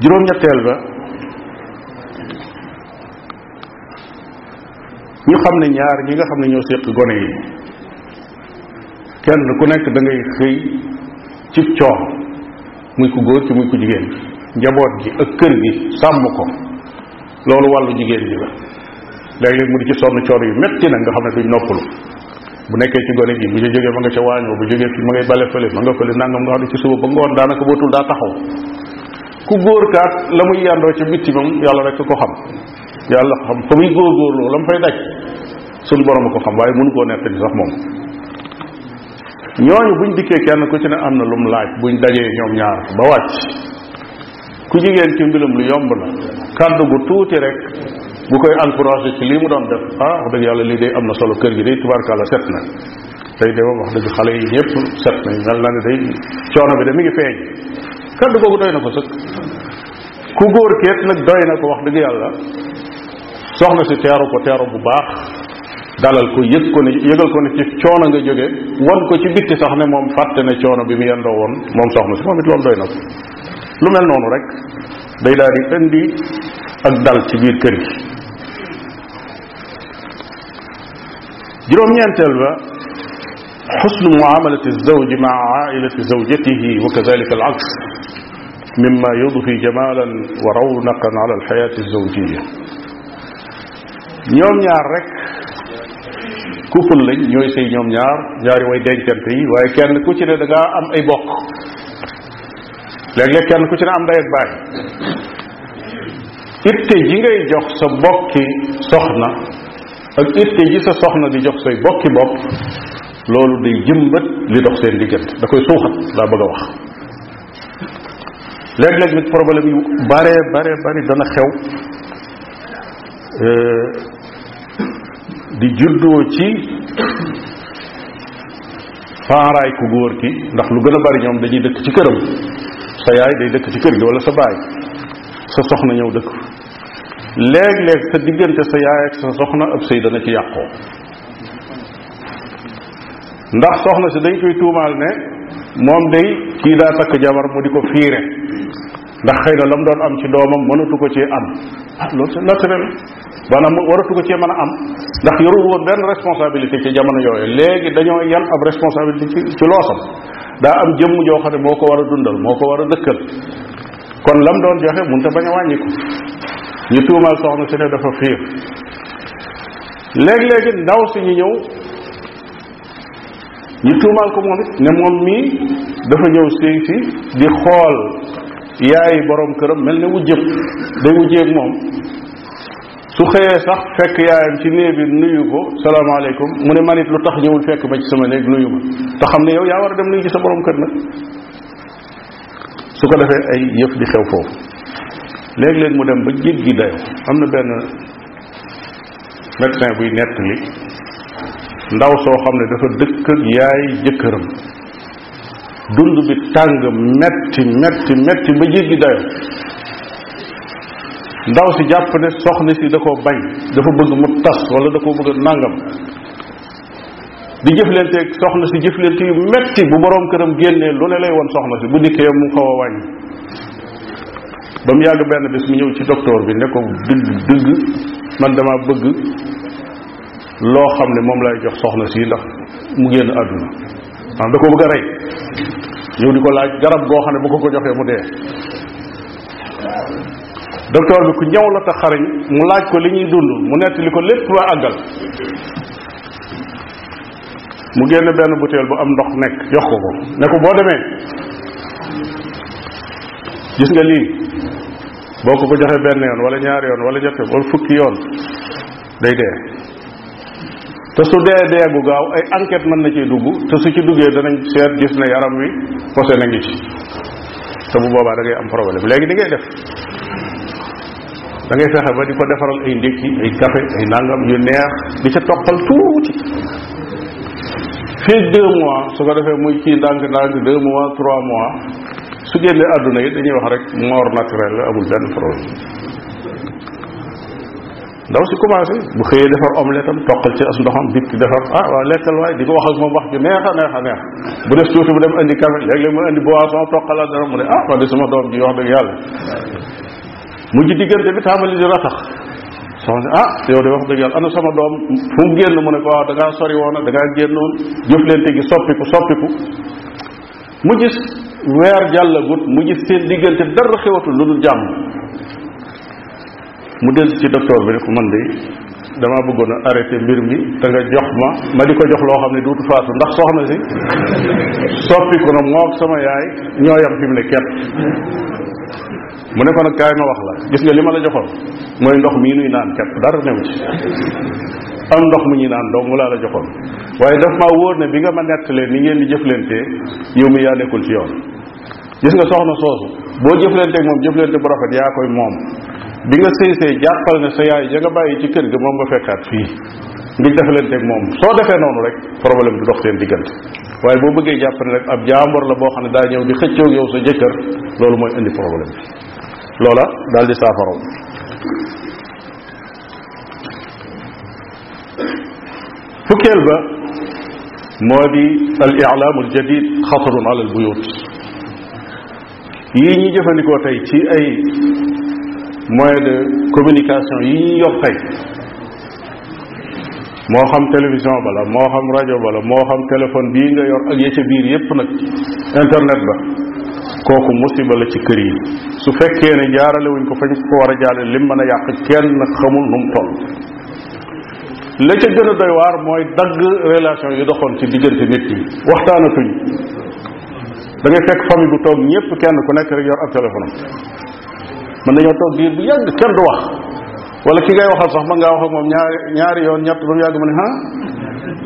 juróom-ñetteel ba ñu xam ne ñaar ñi nga xam ne ñoo séq gone yi kenn ku nekk dangay ngay xëy ci coono muy ku góor ci muy ku jigéen njaboot gi ak kër gi sàmm ko loolu wàllu jigéen ji la léeg-léeg mu di ci sonn coor yu metti nag nga xam ne duñ noppalu bu nekkee ci gone gi bu ñu jógee ma nga ca waañ bu jógee fi ma ngay bale fële ma nga fële nangam nga xam ne ci suba ba ngoon daanaka bootul daa taxaw ku góor kaat la muy yàndoo ca bitti moom yàlla rek ko xam yàlla xam fa muy góor góorloo la mu fay daj suñ borom ko xam waaye mënu koo nett ni sax moom ñooñu buñ dikkee kenn ku ci ne am na lum laaj buñ dajee ñoom ñaar ba wàcc ku jigéen ci mbirum lu yomb la kàddu gu tuuti rek bu koy encouragé ci lii mu doon def ah wax dëgg yàlla lii day am na solo kër gi day tubaarkàlla set na tey de moom wax dëgg xale yi ñëpp set nañ mel na ne day coono bi de mi kaddu googu doy na ko sëkk ku góor keet nag doy na ko wax dëgg yàlla soxna si teeru ko teeru bu baax dalal ko yëg ko ne yëgal ko ne ci coono nga jóge wan ko ci bitti sax ne moom fàtte ne coono bi mu yendoo woon moom soxna si moom it loolu doy na ko lu mel noonu rek day daal di indi ak dal ci biir kër gi juróom-ñeenteel ba حسن معاملة الزوج مع عائلة زوجته وكذلك العكس مما يضفي جمالا ورونقا على الحياة الزوجية نيوم نيار رك كفل لن نيوي سي نيوم نيار جاري وي دين كنتي وي كان كوشنة دقاء أم أي بوك لأجل كان كوشنة أم دايك باي إبتي جيغي جوخ سبوكي سخنة إبتي جيسا سخنة دي جوخ سي بوكي بوكي loolu day jëmbat li dox seen diggante da koy suuxat daa bëgg a wax léeg-léeg nag problème yu bare bare bari dana xew euh, di juddoo ci faaraay ku góor ki ndax lu gën a bari ñoom dañuy dëkk ci këram sa yaay day dëkk ci kër gi wala sa baay sa soxna ñëw dëkk léeg-léeg sa diggante sa yaay ak sa soxna ab sëy dana ci yàqoo ndax soxna si dañ koy tuumaal ne moom day kii daa takk jabar mu di ko fiire ndax xëy na la mu doon am ci doomam mënatu ko cee am ah loolu c'est naturel maanaam waratu ko cee mën a am ndax yoru woon benn responsabilité ci jamono yooyu léegi dañoo yan ab responsabilité ci ci loosam daa am jëmm joo xam ne moo ko war a dundal moo ko war a dëkkal kon lam doon joxe mun munta bañ a wàññi ñu tuumaal soxna si ne dafa fiir léegi-léegi ndaw si ñu ñëw ñu tuumaal ko moom it ne moom mii dafa ñëw sëy si di xool yaayi borom këram mel ne wujjëb day wujjeeg moom su xëyee sax fekk yaayam ci néeg bi nuyu ko salaamaaleykum mu ne man lu tax ñëwul fekk ma ci sama néeg nuyu ma te xam ne yow yaa war a dem nuyu ci sa boroom kër nag su ko defee ay yëf di xew foofu léeg-léeg mu dem ba gi dayo am na benn médecin buy nettali ndaw soo xam ne dafa dëkk ak yaay jëkkëram dund bi tàng metti metti metti ba jéggi dayo ndaw si jàpp ne soxna si da koo bañ dafa bëgg mu tas wala da koo bëgg nangam di jëflanteeg soxna si jëflante yu metti bu boroom këram génnee lu ne lay woon soxna si bu dikkee mu xaw a wàññi ba mu yàgg benn bis mu ñëw ci doktoor bi ne ko dëgg dëgg man dama bëgg loo xam ne moom lay jox soxna si ndax mu génn àdduna maanaam da ko bëgg a rey ñëw di ko laaj garab goo xam ne bu ko ko joxee mu dee docteur bi ku ñëw la ta xariñ mu laaj ko li ñuy dund mu nettali ko lépp loo àggal mu génn benn butéel bu am ndox nekk jox ko ko ne ko boo demee gis nga lii boo ko ko joxee benn yoon wala ñaari yoon wala jafe wala fukki yoon day dee te su dee dee gu gaaw ay enquête mën na ciy dugg te su ci duggee danañ seet gis na yaram wi posé na ci te bu boobaa da ngay am problème léegi ni ngay def da ngay fexe ba di ko defaral ay ndékki ay café ay nangam yu neex di ci toppal tuuti fii deux mois su ko defee muy kii ndànk-ndànk deux mois trois mois su génnee àdduna yi dañuy wax rek mort naturelle la amul benn problème ndaw si commencé bu xëyee defar omelette am toqal ci as ndoxam dikk defar ah waaw lekkal waay di ko wax ak moom wax ju neex a neex a neex bu def tuuti bu dem andi café léeg-léeg mu andi boisson toqalal dara mu ne ah man de sama doom ji wax dëgg yàlla mujj diggante bi tàmbali di ratax soxna si ah yow de wax dëgg yàlla ana sama doom fu mu génn mu ne ko waaw da ngaa sori woon da ngaa génnoon jëflante gi soppiku soppiku mu gis weer jàllagut mu gis seen diggante dara xewatul lu dul jàmm mu dellu ci docteur bi ne ko man de damaa bëggoon a arrêté mbir mi te nga jox ma ma di ko jox loo xam ne duutu faatu ndax soxna si na moo sama yaay ñoo yam fi mu ne kepp wax la gis nga li ma la joxoon mooy ndox mii nuy naan dara new ndox mu ñuy naan dong mu la joxoon waaye daf maa wóor ne bi nga ma nettalee ni ngeen di jëflantee yow mi yaa nekkul ci yoon gis nga soxna soosu boo jëflanteeg moom jëflante bu rafet yaa koy moom bi nga sey sey jàppal ne sa yaay ya nga bàyyi ci kër ga moom nga fekkaat fii ngir defalanteeg moom soo defee noonu rek problème du dox seen diggante waaye boo bëggee jàpp ne rek ab jaambor la boo xam ne daa ñëw di xëccoog yow sa jëkkër loolu mooy indi problème bi loola daal di saafaraw fukkeel ba moo di al ilaamu al jadid xatarun ala al buyut yii ñi jëfandikoo tey ci ay moyen de communication yi ñu yor tey moo xam télévision bala moo xam rajo bala moo xam téléphone bii nga yor ak ya ca biir yépp nag internet ba kooku musiba la ci kër yi su fekkee ne jaarale wuñ ko fañ ko war a jaale lim mën a yàq kenn xamul nu mu toll la ca gën a doy waar mooy dagg relation yu doxoon ci diggante nit yi waxtaanatuñ da ngay fekk famille bu toog ñépp kenn ku nekk rek yor ak téléphone mën nañoo toog diir bu yàgg kenn du wax wala ki ngay waxal sax mën ngaa wax ak moom ñaari ñaari yoon ñett ba mu yàgg mu ne ah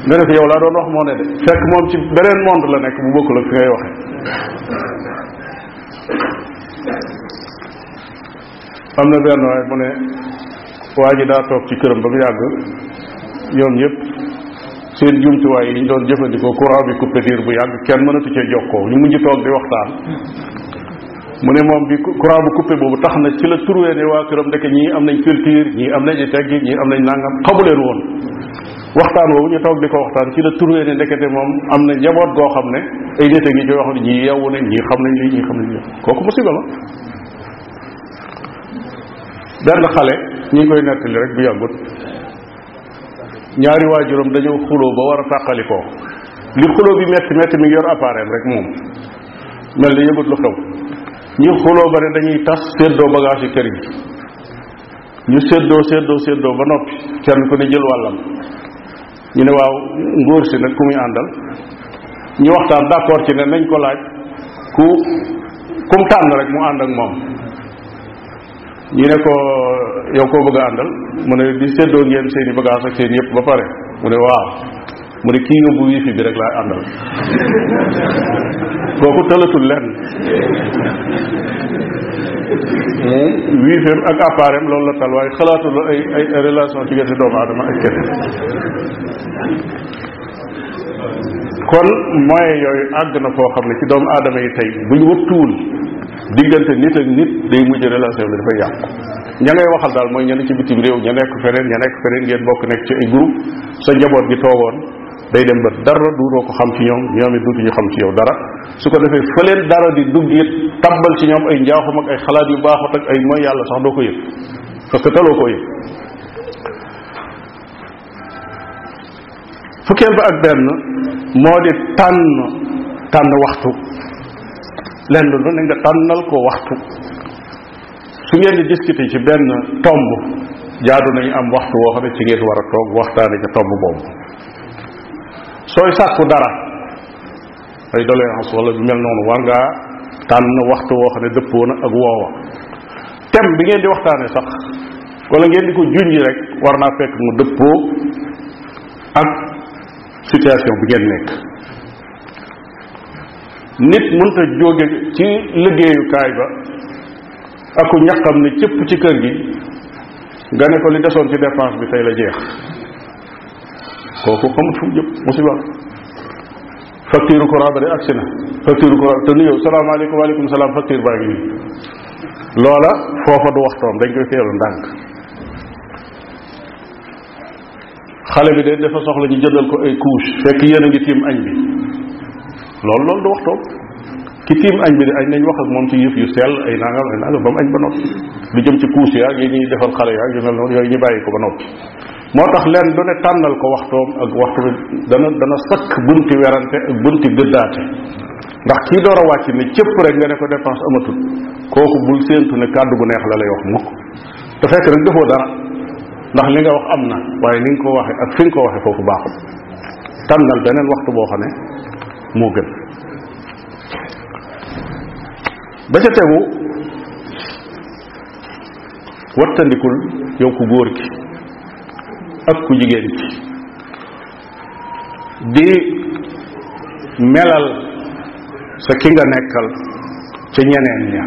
nga def yow laa doon wax moo ne de fekk moom ci beneen monde la nekk bu bokkul ak fi ngay waxe am na benn waaye mu ne waa ji daa toog ci këram ba mu yàgg ñoom ñëpp seen jumtuwaay yi ñu doon jëfandikoo courant bi coupé diir bu yàgg kenn mënatu cee jokkoo ñu mujj toog di waxtaan mu ne moom bi courant bu coupé boobu tax na ci la trouvé ne waa këram ndeke ñii am nañ culture ñi am nañ teggi ñii am nañ nangam xamu woon waxtaan woowu ñu toog di ko waxtaan ci la trouvé ne ndekete moom am na njaboot goo xam ne ay nit ngi ci yoo xam ne ñii yewwu nañ ñii xam nañ lii ñii xam nañ lii kooku musiba la benn xale ñi ngi koy nettali rek bu yàggut ñaari waajuram dañoo xuloo ba war a tàqali tàqalikoo li xuloo bi metti metti mi ngi yor appareil rek moom mel ni yëgut lu xew ñu xuloo ba ne dañuy tas séddoo bagage yi kër gi ñu séddoo séddoo séddoo ba noppi kenn ku ne jël wàllam ñu ne waaw nguur si nag ku muy àndal ñu waxtaan d'accord ci ne nañ ko laaj ku kum tànn rek mu ànd ak moom ñu ne ko yow koo bëgg a àndal mu ne di séddoo ngeen seen i bagage ak seen yëpp ba pare mu ne waaw mu ne kii yóbbu wifi bi rek laa àndal kooku tëlatul lenn hmm? wiifeem ak appareem loolu la tal waaye xalaatul ay relation ci diggante doomu aadama ak kenn kon moyen yooyu àgg na koo xam ne ci doomu aadama yi tey bu ñu wattuwul diggante nit ak nit day mujj relation bi dafay yàqu ña ngay waxal daal mooy ña ci bitim réew ña nekk feneen ña nekk feneen ngeen bokk nekk ci ay groupe sa njaboot gi toogoon day dem ba dara duutoo ko xam ci ñoom ñoom it ñu xam ci yow dara su ko defee fëleen dara di dugg it tabbal ci ñoom ay njaaxum ak ay xalaat yu baaxut ak ay mooy yàlla sax doo ko yëg parce que taloo ko yëg fukkeel ba ak benn moo di tànn tànn waxtu lenn lu ne nga tànnal ko waxtu su ngeen di discuter ci benn tomb jaadu nañu am waxtu woo xam ne ci ngeen war a toog waxtaane ca tomb boobu sooy sàkku dara ay doléance wala lu mel noonu war ngaa tànn waxtu woo xam ne dëppoo na ak woowa tem bi ngeen di waxtaane sax wala ngeen di ko junj rek war naa fekk mu dëppoo ak situation bi ngeen nekk nit mënta jóge ci liggéeyukaay ba aku ñaqam ne cëpp ci kër gi nga ne ko li desoon ci dépense bi tey la jeex kooku xamut fu mu jëm musiba facture courant de agsi na facture courant te nuyoo salaamaaleykum waaleykum salaam facture baa ngi nii loola foofa du waxtoom dañ koy teelu ndànk xale bi de dafa soxla ñu jëndal ko ay couche fekk yéen a ngi tiim añ bi lool loolu du waxtoom ki tiim añ bi di añ nañ wax ak moom ci yëf yu sell ay nangam ay nangam ba añ ba noppi lu jëm ci couche yaa yi ñuy defal xale yaa yu mel noonu yooyu ñu bàyyi ko ba noppi moo tax leen lu ne tànnal ko waxtoom ak waxtu dana dana sakk bunti werante ak bunti gëddaate ndax kii door a wàcc ne cëpp rek nga ne ko dépense amatul kooku bul séentu ne kàddu gu neex la lay wax mukk te fekk nag defoo dara ndax li nga wax am na waaye ni nga ko waxee ak fi ko waxee foofu baaxul tànnal beneen waxtu boo xam ne moo gën ba ca tegu wattandikul yow ku góor ki ak ku jigéen ci di melal sa ki nga nekkal ca ñeneen ña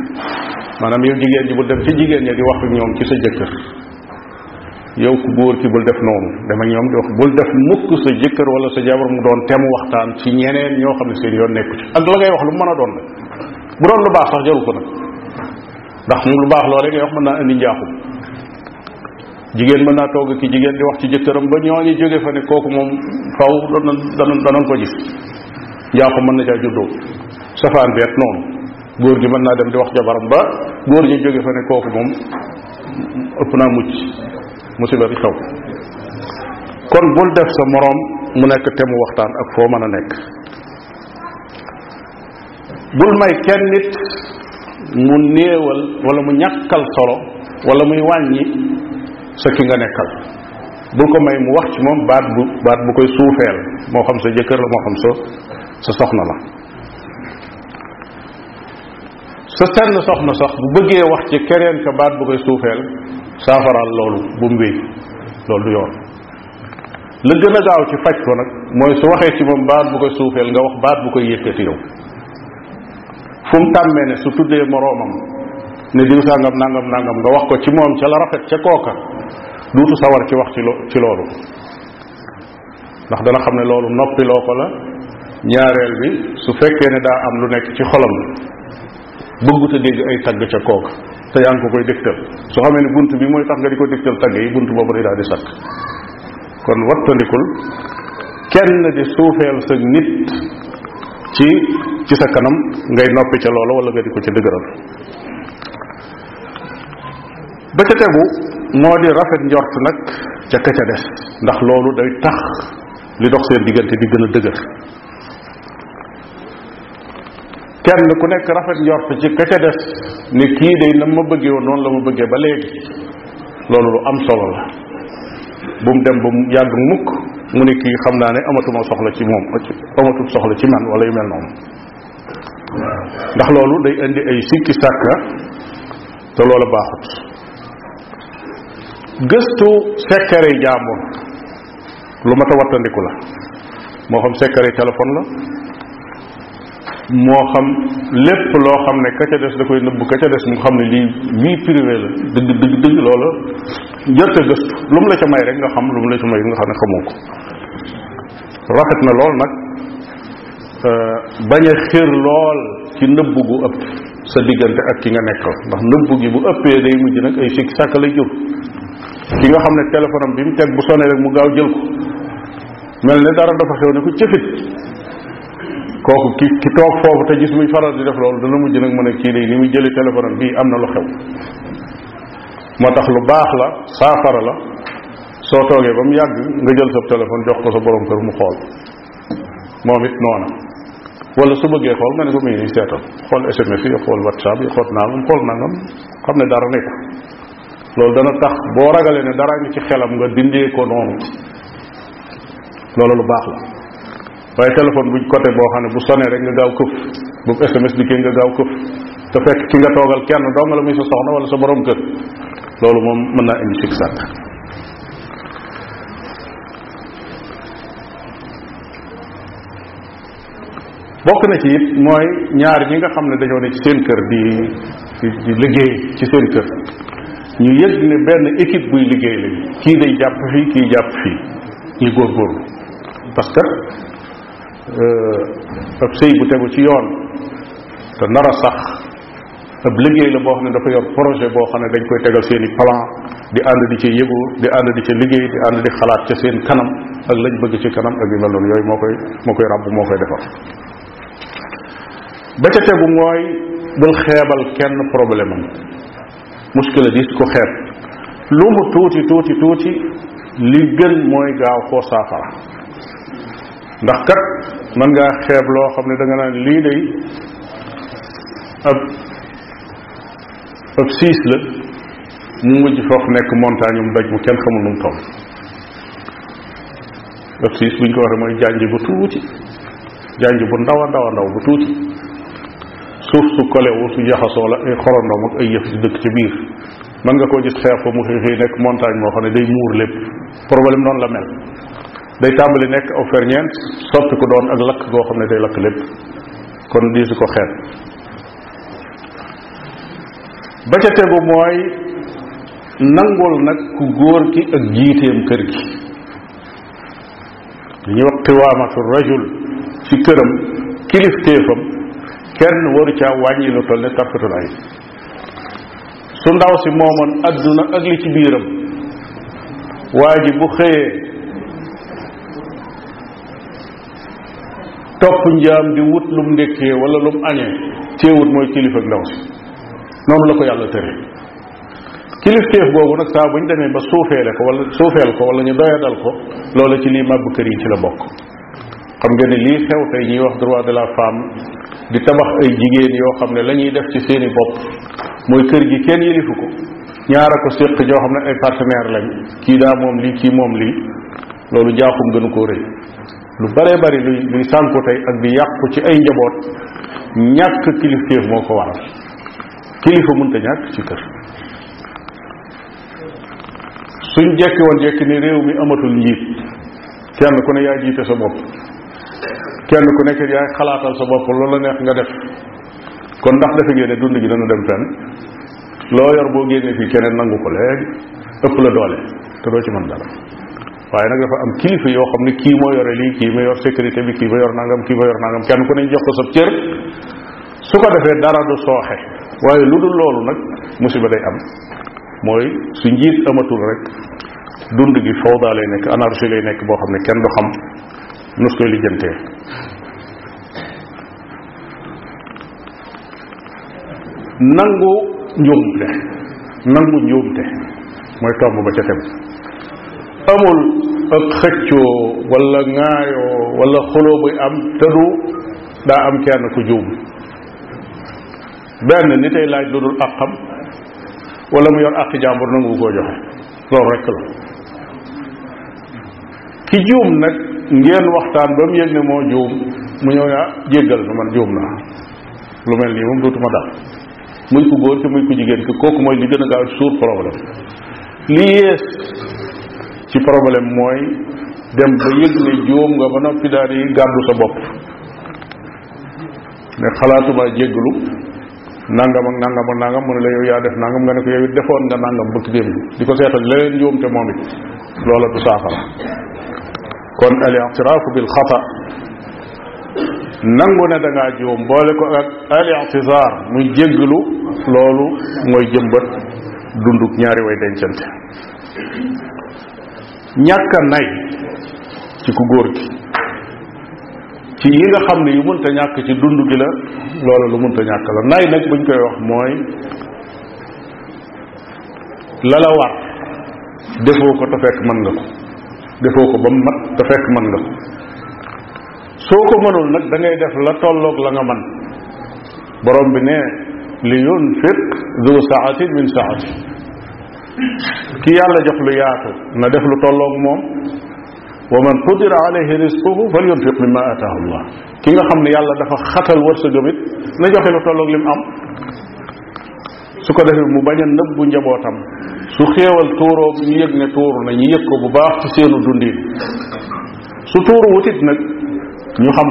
maanaam yow jigéen ji bul def ci jigéen ña di wax ak ñoom ci sa jëkkër yow ku góor ki bul def noonu dama ak ñoom di wax bul def mukk sa jëkkër wala sa jabar mu doon temu waxtaan ci ñeneen ñoo xam ne seen yoon nekku ci ak la ngay wax lu mu mën a doon nag bu doon lu baax sax jaru ko nag ndax lu baax loo rek ngay wax mën naa indi njaaxum jigéen mën naa togg ki jigéen di wax ci jëkkëram ba ñi jóge fa ne kooku moom faw dana dana ko gis njaaxu mën na caa juddoo safaan beet noonu góor gi mën naa dem di wax jabaram ba góor gi jóge fa ne kooku moom ëpp naa mucc musiba di kon bul def sa morom mu nekk temu waxtaan ak foo mën a nekk bul may kenn nit mu néewal wala mu ñàkkal solo wala muy wàññi sa ki nga nekkal bu ko may mu wax ci moom baat bu baat bu koy suufeel moo xam sa jëkkër la moo xam sa sa soxna la sa senn soxna sax bu bëggee wax ci keneen ka baat bu koy suufeel saafaraal loolu bu mu wéy loolu du yoon la gën a gaaw ci faj ko nag mooy su waxee ci moom baat bu koy suufeel nga wax baat bu koy yëkkati yow fu mu tàmmee ne su tuddee moroomam ne diw sàngam nangam nangam nga wax ko ci moom ca la rafet ca kooka duutu sawar ci wax ci lo ci loolu ndax dana xam ne loolu noppiloo ko la ñaareel bi su fekkee ne daa am lu nekk ci xolam bëggut a dégg ay tagg ca kooka te yaa ngi ko koy dégtal su xamee ne bunt bi mooy tax nga di ko dégtal tagg yi bunt boobu day daal di sakk kon wattandikul kenn di suufeel sa nit ci ci sa kanam ngay noppi ca loola wala nga di ko ca dëgëral ba ca tegu moo di rafet njort nag ca ka ca des ndax loolu day tax li dox seen diggante di gën a dëgër kenn ku nekk rafet njort ci ka ca des ne kii day na ma bëggee woon noonu la ma bëggee ba léegi loolu lu am solo la bu mu dem ba mu yàgg mukk mu ne kii xam naa ne amatuma soxla ci moom amatul soxla ci man wala yu mel noonu ndax loolu day indi ay sikki sàkka te loola baaxut gëstu sekkare jàmbur lu mat a wattandiku la moo xam sekkare téléphone la moo xam lépp loo xam ne ka ca des da koy nëbb ka ca des mu xam ne lii vie privée la dëgg dëgg dëgg loola jërte gëstu lu mu la ca may rek nga xam lu mu la ca may nga xam ne xamoo ko rafet na lool nag euh, bañ a xir lool ci nëbb gu ëpp sa diggante ak ki nga nekkal ndax nëbb gi bu ëppee day mujj nag ay sikk sàkk lay jur ki nga xam ne téléphone bi mu teg bu sonné rek mu gaaw jël ko mel ne dara dafa xew ne ko cëfit kooku ki ki toog foofu te gis muy faral di def loolu dana mujj nag mu ne kii day ni muy jëlee téléphone bi am na lu xew moo tax lu baax la saafara la soo toogee ba mu yàgg nga jël sa téléphone jox ko sa borom kër mu xool moom it noona wala su bëggee xool nga ne ko muy ni seetal xool SMS yi xool WhatsApp yi xool nangam xool nangam xam ne dara nekk loolu dana tax boo ragalee ne dara ngi ci xelam nga dindee ko noonu loolu lu baax la waaye téléphone buñ côté boo xam ne bu sonee rek nga gaaw këf bu SMS dikkee nga gaaw këf te fekk ki nga toogal kenn dong la muy sa soxna wala sa borom kër loolu moom mën naa indi sik sàkk bokk na ci it mooy ñaar ñi nga xam ne dañoo ne ci seen kër di di liggéey ci seen kër ñu yëg ne benn équipe buy liggéey lañu kii day jàpp fii kii jàpp fii ñu góorgóorlu parce que euh, ab sëy bu tegu ci yoon te nara a sax ab liggéey la boo xam ne dafa yor projet boo xam ne dañ koy tegal seeni i di ànd di ci yëgu di ànd di ci liggéey di ànd di xalaat ca seen kanam ak lañ bëgg ci kanam ak yu mel noonu yooyu moo koy moo koy ràbb moo koy defar ba ca tegu mooy bul xeebal kenn problème am muskila diis ko xeet lu mu tuuti tuuti tuuti li gën mooy gaaw koo saafara ndax kat man ngaa xeeb loo xam ne danga nga naan lii day ab ab siis la mu mujj foofu nekk montagne mu daj mu kenn xamul nu mu ab siis buñ ko waxee mooy jànj bu tuuti jànj bu ndaw a ndaw ndaw bu tuuti suuf su kolewu su jaxasoo la ay xorondoom ak ay yëf si dëkk ci biir mën nga koo gis xeer fa mu xëy xëy nekk montagne moo xam ne day muur lépp problème noonu la mel day tàmbali nekk aw ferñeent soppi ko doon ak lakk goo xam ne day lakk lépp kon diisu ko xeet ba ca tegu mooy nangul nag ku góor ki ak jiiteem kër gi li wax qiwaamatu rajul ci këram kilifteefam kenn waru caa wàññi lu toll ne tarfatul ay su ndaw si moomoon adduna ak li ci biiram waa ji bu xëyee topp njaam di wut lum ndekkee wala lum añee teewut mooy kilifa ak ndaw si noonu la ko yàlla tere kilifteef boobu nag saa bu ñu demee ba suufeele ko wala suufeel ko wala ñu doyadal ko loola ci lii màbb kër yi ci la bokk xam nga ne lii xew tey ñuy wax droit de la femme di tabax ay jigéen yoo xam ne lañuy def ci seeni bopp mooy kër gi kenn yilifu ko ñaara ko séq joo xam ne ay partenaire lañ kii daa moom lii kii moom lii loolu jaaxum gënu koo rëy lu bare bari luy luy sànku tey ak di yàqu ci ay njaboot ñàkk kilifteef moo ko waral kilifa mënta ñàkk ci kër suñ jekki woon jekki ni réew mi amatul njiit kenn ku ne yaa jiite sa bopp kenn ku nekk yaay xalaatal sa bopp loolu la neex nga def kon ndax defe ngeen ne dund gi dana dem fenn loo yor boo génnee fii keneen nangu ko léegi ëpp la doole te doo ci mën dara waaye nag dafa am kilifa yoo xam ne kii moo yore lii kii ma yor sécurité bi kii ma yor nangam kii ma yor nangam kenn ku ne jox ko sa cër su ko defee dara du sooxee waaye lu dul loolu nag musiba day am mooy su njiit amatul rek dund gi fawdaa lay nekk anarchie lay nekk boo xam ne kenn du xam nos koy lijjantee nangu njuumte nangu njuumte mooy tomb ba ca tem amul ak xëccoo wala ŋaayoo wala xuloo buy am tëdu daa am kenn ku juum benn nit ay laaj lu dul àqam wala mu yor àqi jàmbur nangu koo joxe loolu rek la ki juum nag ngeen waxtaan ba mu yëg ne moo juum mu ñëw ne ah, jéggal ma man juum naa lu mel nii moom dootuma dal muy ko góor ki muy ko jigéen kooku mooy li gën a gaaw suur problème li yées ci problème mooy dem ba yëg ne juum nga ba noppi daal di gàddu sa bopp ne xalaatuma jéggalu nangam ak nangam ak nangam mu ne la yaa def nangam nga ne ko yow defoon nga nangam bëgg dem di ko seetal leneen te moom it loola du saafara kon al i'tiraafu bil xata nangu ne da ngaa boole ko ak al i'tizaar muy jéggalu loolu mooy jëmbat dunduk ñaari way dencante ñàkk a nay ci ku góor gi ci yi nga xam ne yu mënta ñàkk ci dund gi la loola lu mënta ñàkk la nay nag buñ koy wax mooy la defoo ko te fekk mën nga ko defoo ko ba mu mat te mën nga soo ko mënul nag da def la tolloog la nga man borom bi ne li yunfiq du saatin min saati ki yàlla jox lu yaatu na def lu tolloog moom wa man qudira alayhi rizquhu fal yunfiq mimma ataahu allah ki nga xam ne yàlla dafa xatal wërsëgam it na joxe lu tolloog lim am su ko defee mu bañ a nëbbu njabootam su xéewal tuuroo ñu yëg ne tuuru na ñu yëg ko bu baax ci seenu dundin su tuuru wutit nag ñu xam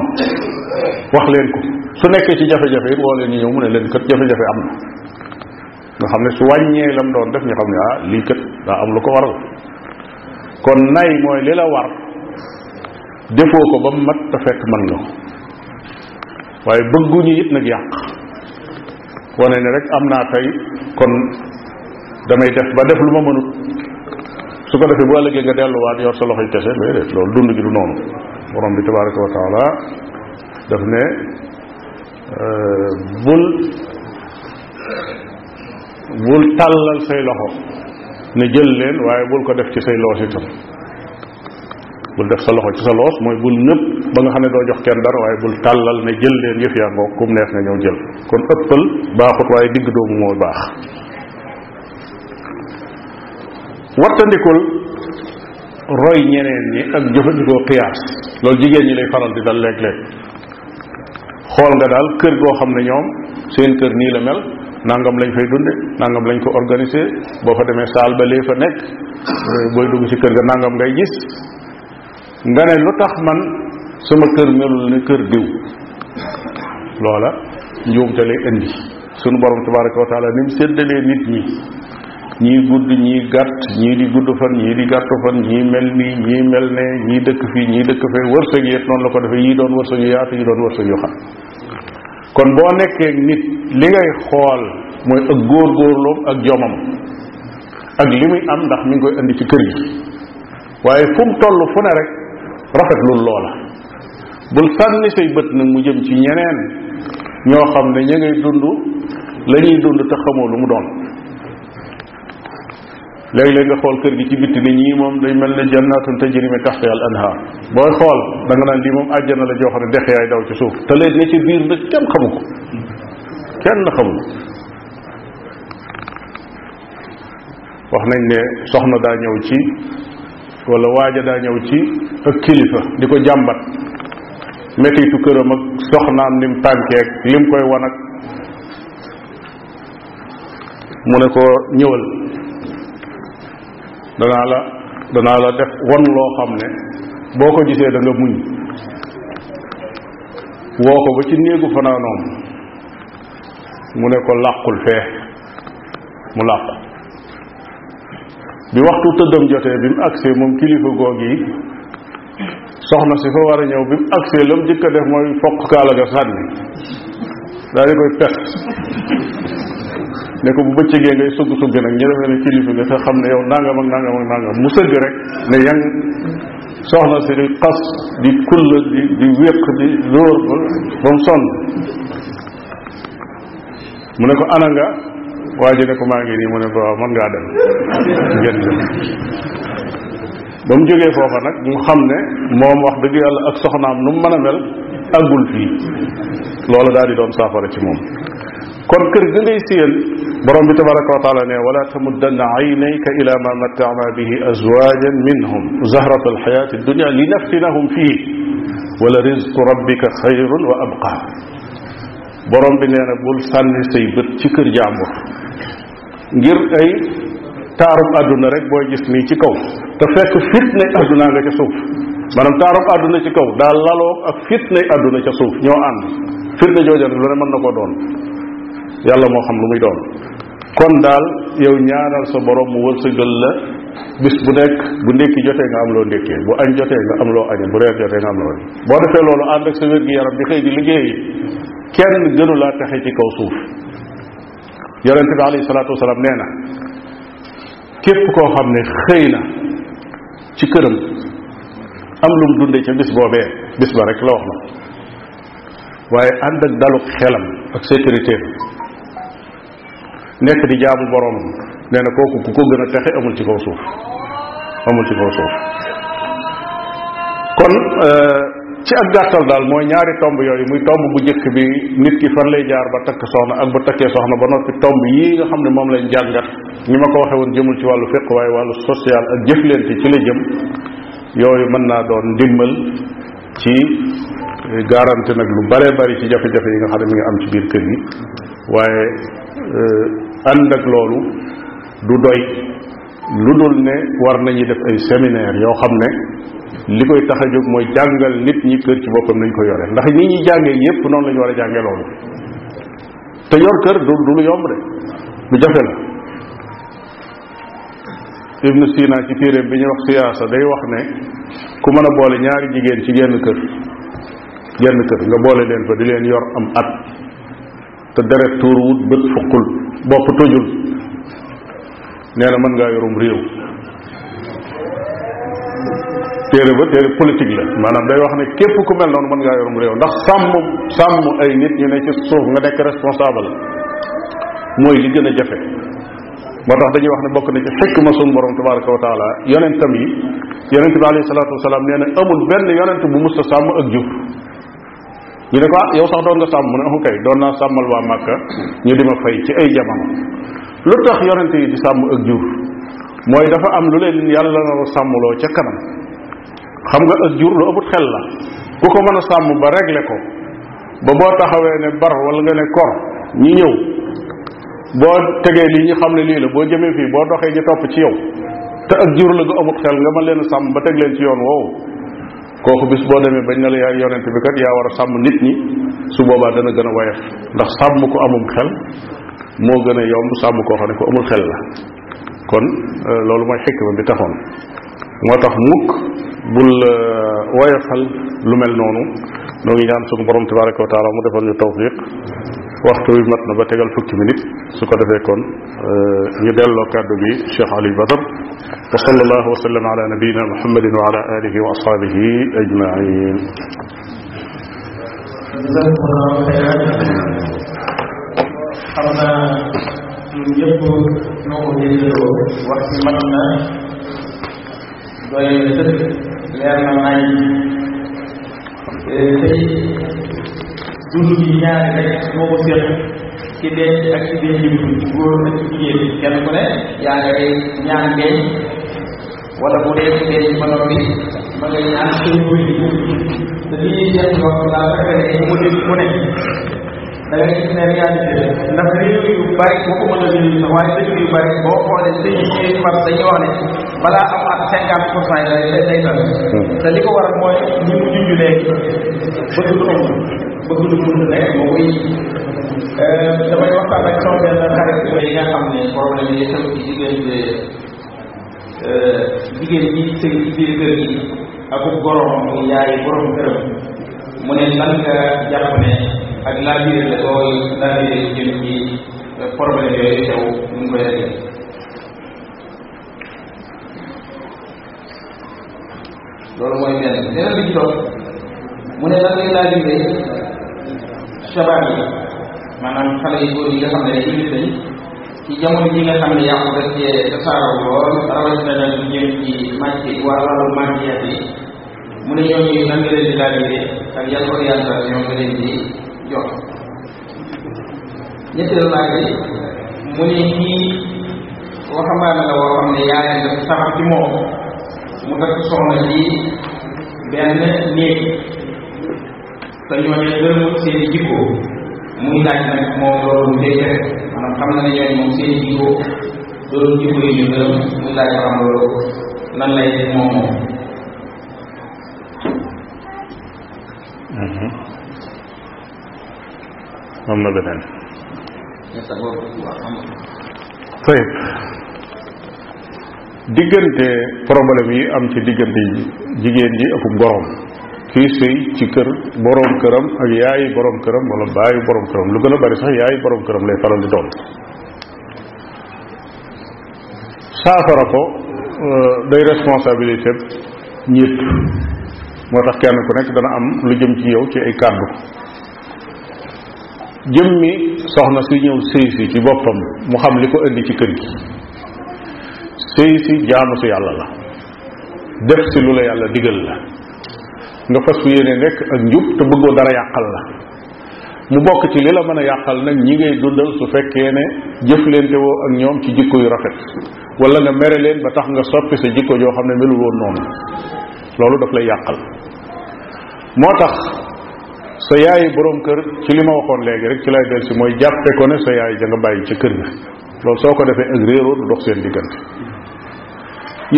wax leen ko su nekkee ci jafe-jafe it woo leen ñu ñëw mu ne leen kat jafe-jafe am na nga xam ne su wàññee lam doon def ñu xam ne ah lii kat daa am lu ko waral kon nay mooy li la war defoo ko ba mat te fekk mën nga ko waaye bëgguñu it nag yàq wane ne rek am naa tey kon damay def ba def lu ma mënut su ko defee bu ëllëgee nga delluwaat yor sa loxoy kese déedéet loolu dund gi du noonu borom bi tabaraka wa taala daf ne euh, bul bul tàllal say loxo ne jël leen waaye bul ko def ci say loos itam bul def sa loxo ci sa loos mooy bul nëb ba nga xam ne doo jox kenn dara waaye bul tàllal ne jël leen yëf yaa ngoog kum neex nga ñëw jël kon ëppal baaxut waaye digg doomu mooy baax wartandikul roy ñeneen ñi ak jëfandikoo xiyaas loolu jigéen ñi lay faral di dal léeg-léeg xool nga daal kër goo xam ne ñoom seen kër nii la mel nangam lañ fay dunde nangam lañ ko organisé boo fa demee saal ba lee fa nekk booy dugg ci kër ga nangam ngay gis nga ne lu tax man sama kër melul ne kër diw loola njuumte lay indi sunu borom tabaraka wa taala ni mu séddalee nit ñi ñii gudd ñii gàtt ñii di gudd fan ñii di gàttu fan ñii mel nii ñii mel ne ñii dëkk fii ñii dëkk fee wërsëg yépp noonu la ko defee yii doon wërsëg yu yaatu yi doon wërsëg yu xam kon boo nekkee nit li ngay xool mooy ak góorgóorloom ak jomam ak li muy am ndax mi ngi koy indi ci kër gi waaye fu mu fu ne rek rafet rafetlul loola bul sànni say bët nag mu jëm ci ñeneen ñoo xam ne ñu ngay dund la ñuy dund te xamoo lu mu doon léeg-léeg nga xool kër gi ci bitt ni ñii moom day mel ne jannatun tajri min tahtiha al anhar booy xool da nga naan lii moom àjjana la joo xam ne dex yaay daw ci suuf te leen ne ci biir nag kenn xamu ko kenn xamu ko wax nañ ne soxna daa ñëw ci wala waaja daa ñëw ci ak kilifa di ko jàmbat mettitu këram ak soxnaam lim tànkeeg lim koy wan ak mu ne ko ñëwal danaa la danaa la def wan loo xam ne boo ko gisee da nga muñ woo ko ba ci néegu fanaanoom mu ne ko làqul fee mu làqu bi waxtu tëddam jotee bi mu agsee moom kilifa goog yi soxna si fa war a ñëw bi mu agsee lam jëkk a def mooy fokk kaala ga sànni daal di koy pet ne ko bu bëccëgee ngay sugg sugg nag ñu defee ne kilifa nga te xam ne yow nangam ak nangam ak nangam mu sëgg rek ne yang soxna si di xas di kulla di di wéq di lóor ba ba mu sonn mu ne ko ana nga waa ji ne ko maa ngi nii mu ne ko man mën ngaa dem génn ba mu jógee foofa nag mu xam ne moom wax dëgg yàlla ak soxnaam nu mu mën a mel àggul fii loola daal di doon saafara ci moom kon kër ga ngay siyal borom bi tabaraka wa taala ne wala tamuddanna aynayka ila ma mattana bihi azwajan minhum zahrata alxayati dunia linaftinahum fii wala rizqu rabbika xayrun wa abqa borom bi nee na bul sànni say bët ci kër jàmbur ngir ay taarub àdduna rek booy gis nii ci kaw te fekk fitne àdduna nga ca suuf maanaam taarub àdduna ci kaw daal laloo ak fitne àdduna ca suuf ñoo ànd fitne jooja lu ne mën na koo doon yàlla moo xam lu muy doon kon daal yow ñaanal sa borom mu wërsëgal la bis bu nekk bu ndékki jotee nga am loo ndékkee bu añ jotee nga am loo añee bu reer jotee nga am loo boo defee loolu ànd ak sa wér gi yaram di xëy di liggéey kenn gënu laa texe ci kaw suuf yonente bi alayhi salaatu nee na képp koo xam ne xëy na ci këram am lu mu dundee ca bis boobee bis ba rek la na waaye ànd ak daluk xelam ak sécurité nekk di jaamu boroom nee na kooku ku ko gën a texe amul ci kaw suuf amul ci kaw suuf kon eh, ci ak gàttal daal mooy ñaari tomb yooyu muy tomb bu njëkk bi nit ki fan lay jaar ba takk soxna ak ba takkee soxna ba noppi tomb yii nga xam ne moom lañ jàngat ni ma ko waxee woon jëmul ci wàllu fiq waaye wàllu social ak jëflante ci la jëm yooyu mën naa doon ndimbal ci eh, garanti nag lu bare bari ci jafe-jafe yi nga xam ne mi ngi am ci biir kër gi waaye eh, ànd ak loolu du doy lu dul ne war nañu def ay séminaire yoo xam ne li koy tax a jóg mooy jàngal nit ñi kër ci boppam nañ ko yore ndax ñi jàngee yépp noonu la ñu war a jàngee loolu te yor kër du du lu yomb de lu jafe la Ibn Sina ci téeréem bi ñu wax siyaasa day wax ne ku mën a boole ñaari jigéen ci genn kër genn kër nga boole leen fa di leen yor am at te deret tuur wut bët fukkul bopp tojul nee na mën ngaa yorum réew téere ba téere politique la maanaam day wax ne képp ku mel noonu mën ngaa yorum réew ndax sàmm sàmm ay nit ñu ne ci suuf nga nekk responsable mooy li gën a jafe moo tax dañuy wax ne bokk na ci fekk ma sun borom tabaraka wa taala yonentam yi yonent bi alayhi salaatu wasalaam nee na amul benn yonent bu musta sàmm ak jub ñu ne ko ah yow sax doon nga sàmm mu ne ah doon naa sàmmal waa Màkka ñu di ma fay ci ay jamono lu tax yonent yi di sàmm ak jur mooy dafa am lu leen yàlla naru sàmmloo ca kanam xam nga ak jur lu ëpp xel la ku ko mën a sàmm ba régler ko ba boo taxawee ne bar wala nga ne kor ñi ñëw boo tegee lii ñu xam ne lii la boo jëmee fii boo doxee ñu topp ci yow te ak jur la gu amut xel nga mën leen sàmm ba teg leen ci yoon woowu kooku bis boo demee bañ na la yaay yonent bi kat yaa war a sàmm nit ñi su boobaa dana gën a woyof ndax sàmm ko amum xel moo gën a yomb sàmm koo xam ne ko amul xel la kon euh, loolu mooy xikma bi taxoon moo tax mukk bul euh, woyofal lu mel noonu noo ngi ñaan suñu borom tabaraka wa taala mu defal ñu tawfiq waxtu wi mat na ba tegal fukki minute su ko defee kon euh, ñu delloo kàddu bi Cheikh Ali Badar wa sallallahu wa sallam ala nabiyina muhammadin wa ala alihi wa ashabihi ajmain xam naa ñun ñëpp ñoo ko déggoo wax ci mat na doy sëkk leer na nañ eh, tey dund bi ñaari rek moo ko séq ci denc ak ci denc bi góor ak ci jigéen kenn ku ne yaa ngay ñaan denc wala bu dee ci denc ba noppi ma ngay ñaan seen góor yi te li ñuy denc wax ne mu ne da ngay gis ne réalité la ndax réew yu bari waxuma la réew yi sax waaye dëkk yu bari boo xoolee sëñ yi far dañuy wax ne balaa am at cinquante pour cent yi day day dal te li ko waral mooy ñu mu junj léegi bëgg lu am bëgg lu mën nekk moo koy euh, damay waxtaan ak sama benn xarit yi nga xam ne problème yi tam ci diggante euh, jigéen ñi sëy ci biir kër gi ak borom muy yaay borom këram mu ne lan nga jàpp ne ak laabire la soo laabire yu jëm ci problème yooyu xew ñu ngi koy dajee loolu mooy benn dina bi ci toog mu ne lan lay laabire shabaab yi maanaam xale yi góor yi nga xam ne ay jullit lañ ci jamono ji nga xam ne yàqu da cee tasaaroo lool rawatina nag ñu jëm ci màcc wàllu màcciyaat yi mu ne ñooñu nan nga leen di laabire eh, ak yan orientation nga leen di yoon ñetteel baa ngi mu ne kii waxambaane la woo xam ne yaayam dafa sax ci moom mu takk soxna ci benn néeg te ñooñu gërëmul seen i jikko muy laaj nag moom loolu mu dee rek maanaam xam na ne ñooñu moom seen i jikko loolu jikko yi ñu gërëm muy laaj xam loolu lan lay moom moom am na beneen tayib diggante problème yi am ci diggante jigéen ji ëpp borom kii sëy ci kër borom këram ak yaayi boroom këram wala baayu borom këram lu gën a bari sax yaayi borom këram lay faral di doon saafara ko euh, day responsabilité ñépp moo tax kenn ku nekk dana am lu jëm ci yow ci ay kàddu mi soxna si ñëw sëy si ci boppam mu xam li ko indi ci kër gi sëy si jaamu si yàlla la def si lu la yàlla digal la nga fas yéene nekk ak njub te bëggoo dara yàqal la mu bokk ci li la mën a yàqal nag ñi ngay dundal su fekkee ne jëflante woo ak ñoom ci jikko yu rafet walla nga mere leen ba tax nga soppi sa jikko joo xam ne melul woon noonu loolu daf lay yàqal moo tax sa yaayi borom kër ci li ma waxoon léegi rek ci lay del si mooy jàppe ko ne sa yaay ja nga bàyyi ca kër gi loolu soo ko defee ak réeroo du dox seen diggante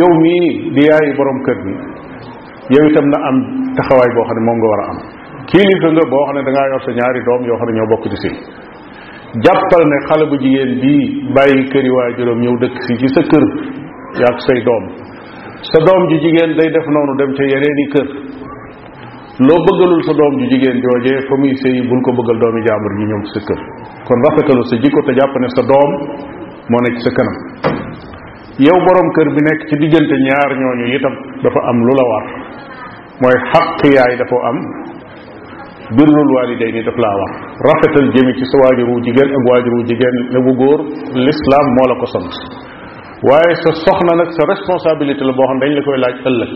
yow mii di yaayi borom kër bi yow itam na am taxawaay boo xam ne moom nga war a am kilifa nga boo xam ne da ngaa yor sa ñaari doom yoo xam ne ñoo bokk ci sëy jàppal ne xale bu jigéen bii bàyyi kër yi waaye juróom ñëw dëkk si ci sa kër yaag say doom sa doom ji jigéen day def noonu dem ca kër loo bëggalul sa doom ju jigéen joojee fa muy sëy bul ko bëggal doomi jaambur yi ñoom sa kër kon rafetalul sa jikko te jàpp ne sa doom moo nekk sa kanam yow boroom kër bi nekk ci diggante ñaar ñooñu itam dafa am lu la war mooy xaq yaay dafa am birrul waaliday ni daf laa war rafetal jëmi ci sa waajuru jigéen ak wu jigéen ne bu góor l'islam moo la ko sant waaye sa soxna nag sa responsabilité la boo xam ne dañ la koy laaj ëllëg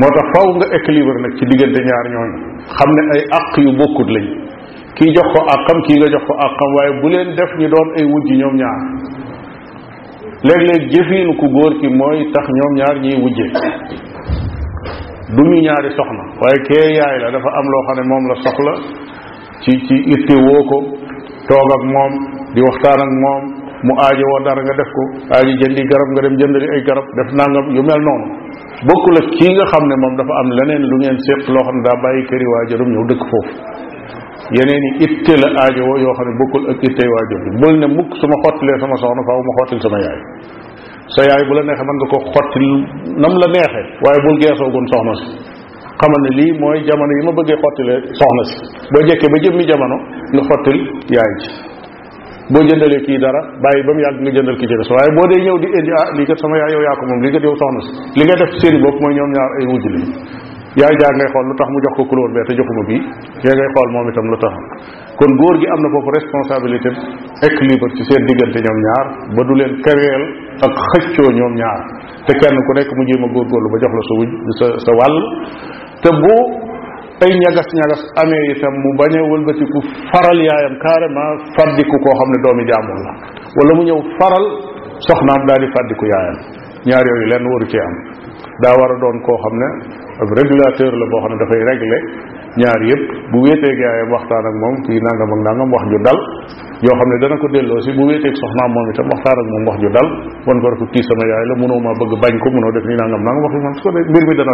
moo tax faw nga équilibre nag ci diggante ñaar ñooñu xam ne ay àq yu bokkut lañ ki jox ko àqam kii nga jox ko àqam waaye bu leen def ñu doon ay wujj ñoom ñaar léeg-léeg jëfiinu ku góor ki mooy tax ñoom ñaar ñiy wujje du ñu ñaari soxna waaye kee yaay la dafa am loo xam ne moom la soxla ci ci itte woo ko toog ak moom di waxtaan ak moom mu aajo woo dara nga def ko aajo jëndi garab nga dem jëndali ay garab def nangam yu mel noonu bokkul ak kii nga xam ne moom dafa am leneen lu ngeen séq loo xam ne daa bàyyi këri waajuram ñëw dëkk foofu yeneen i itte la aajo woo yoo xam ne bokkul ak ittey waajur bi bul ne mukk su ma xottilee sama soxna faaw ma xottil sama yaay sa yaay bu la neexee mën nga ko xottil nam la neexee waaye bul geesoo gun soxna si xamal ne lii mooy jamono yi ma bëggee xottilee soxna si boo jekkee ba jëmmi jamono nga xottil yaay ji boo jëndalee kii dara bàyyi ba mu yàgg nga jëndal ki ci des waaye boo dee ñëw di indi ah lii kat sama yaay yow yaa ko moom lii kat yow soxna si li nga def seeni bopp mooy ñoom ñaar ay wujj lañ yaay jaa ngay xool lu tax mu jox ko couleur bee te joxuma bii yaa ngay xool moom itam lu tax kon góor gi am na foofu responsabilité équilibre ci seen diggante ñoom ñaar ba du leen kereel ak xëccoo ñoom ñaar te kenn ku nekk mu jéem a góorgóorlu ba jox la sa wuj sa sa wàll te bu ay ñagas-ñagas amee itam mu bañ a wëlbatiku faral yaayam carrément faddiku koo xam ne doomi jaamul la wala mu ñëw faral soxnaam daal di faddiku yaayam ñaar yooyu lenn waru ci am daa war a doon koo xam ne ab régulateur la boo xam ne dafay régler ñaar yëpp bu wéetee yaayam waxtaan ak moom fii nangam ak nangam wax ju dal yoo xam ne dana ko delloo si bu wéetee soxnaam moom itam waxtaan ak moom wax ju dal wan ko rek kii sama yaay la mënoo maa bëgg bañ ko mënoo def nii nangam nangam wax man su ko mbir mi dana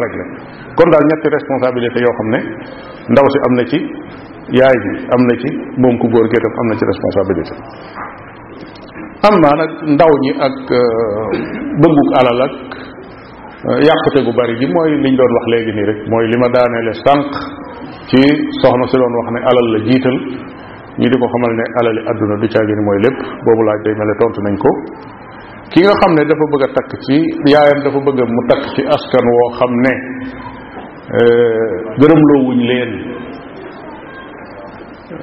kon daal ñetti responsabilité yoo xam ne ndaw si am na ci yaay bi am na ci moom ku góor gétam am na ci responsabilité am naa nag ndaw ñi ak euh, bëgguk alal ak euh, yàqute gu bari gi mooy liñ doon wax léegi nii rek mooy li ma daaneele sànq ci soxna si doon wax ne alal la jiital ñu di ko xamal ne alali àdduna du caagin mooy lépp boobu laaj day mel ne tontu nañ ko ki nga xam ne dafa bëgg a takk ci yaayam dafa bëgg mu takk ci askan woo xam ne eh, gërëmloowuñ leen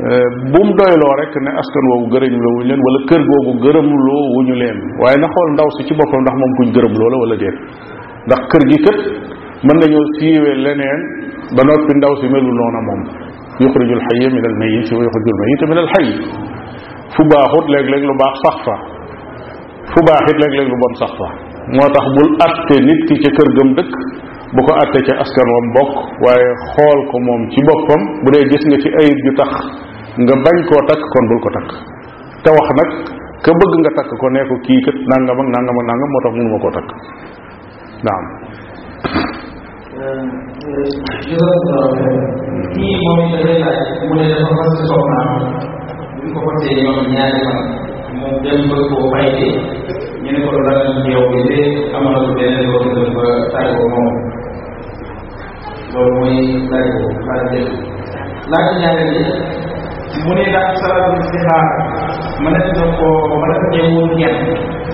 eh, bu mu doyloo rek ne askan woowu gërëmloowuñ leen wala kër googu gërëmloowuñu leen waaye na xool ndaw si ci boppam ndax moom kuñ gërëmloo la wala déet ndax kër gi kët mën nañoo siiwee leneen ba noppi ndaw si melul noona moom yuxriju alxaya min almayiti wa yuxriju almayita min alxay fu baaxut léeg-léeg lu baax sax fa fu baaxit léeg-léeg lu bon sax fa moo tax bul atte nit ki ca kër gam dëkk bu ko atte ca askan wam bokk waaye xool ko moom ci boppam bu dee gis nga ci ayib ju tax nga bañ koo takk kon bul ko takk te wax nag ka bëgg nga takk ko nee ko kii kat nangam ak nangam ak nangam moo tax mënuma koo takk naam dương rồi khi mà mình tới đây lại mua lên không có sự sọt nào những có vấn đề mà mình nhà thì một đêm với cô bay đi nhưng nhiều cái thế âm là cái này rồi đừng có tay của mình rồi mình tay của tay lại nhà này đi muốn đi đặt sao mình sẽ làm mình nên được có mình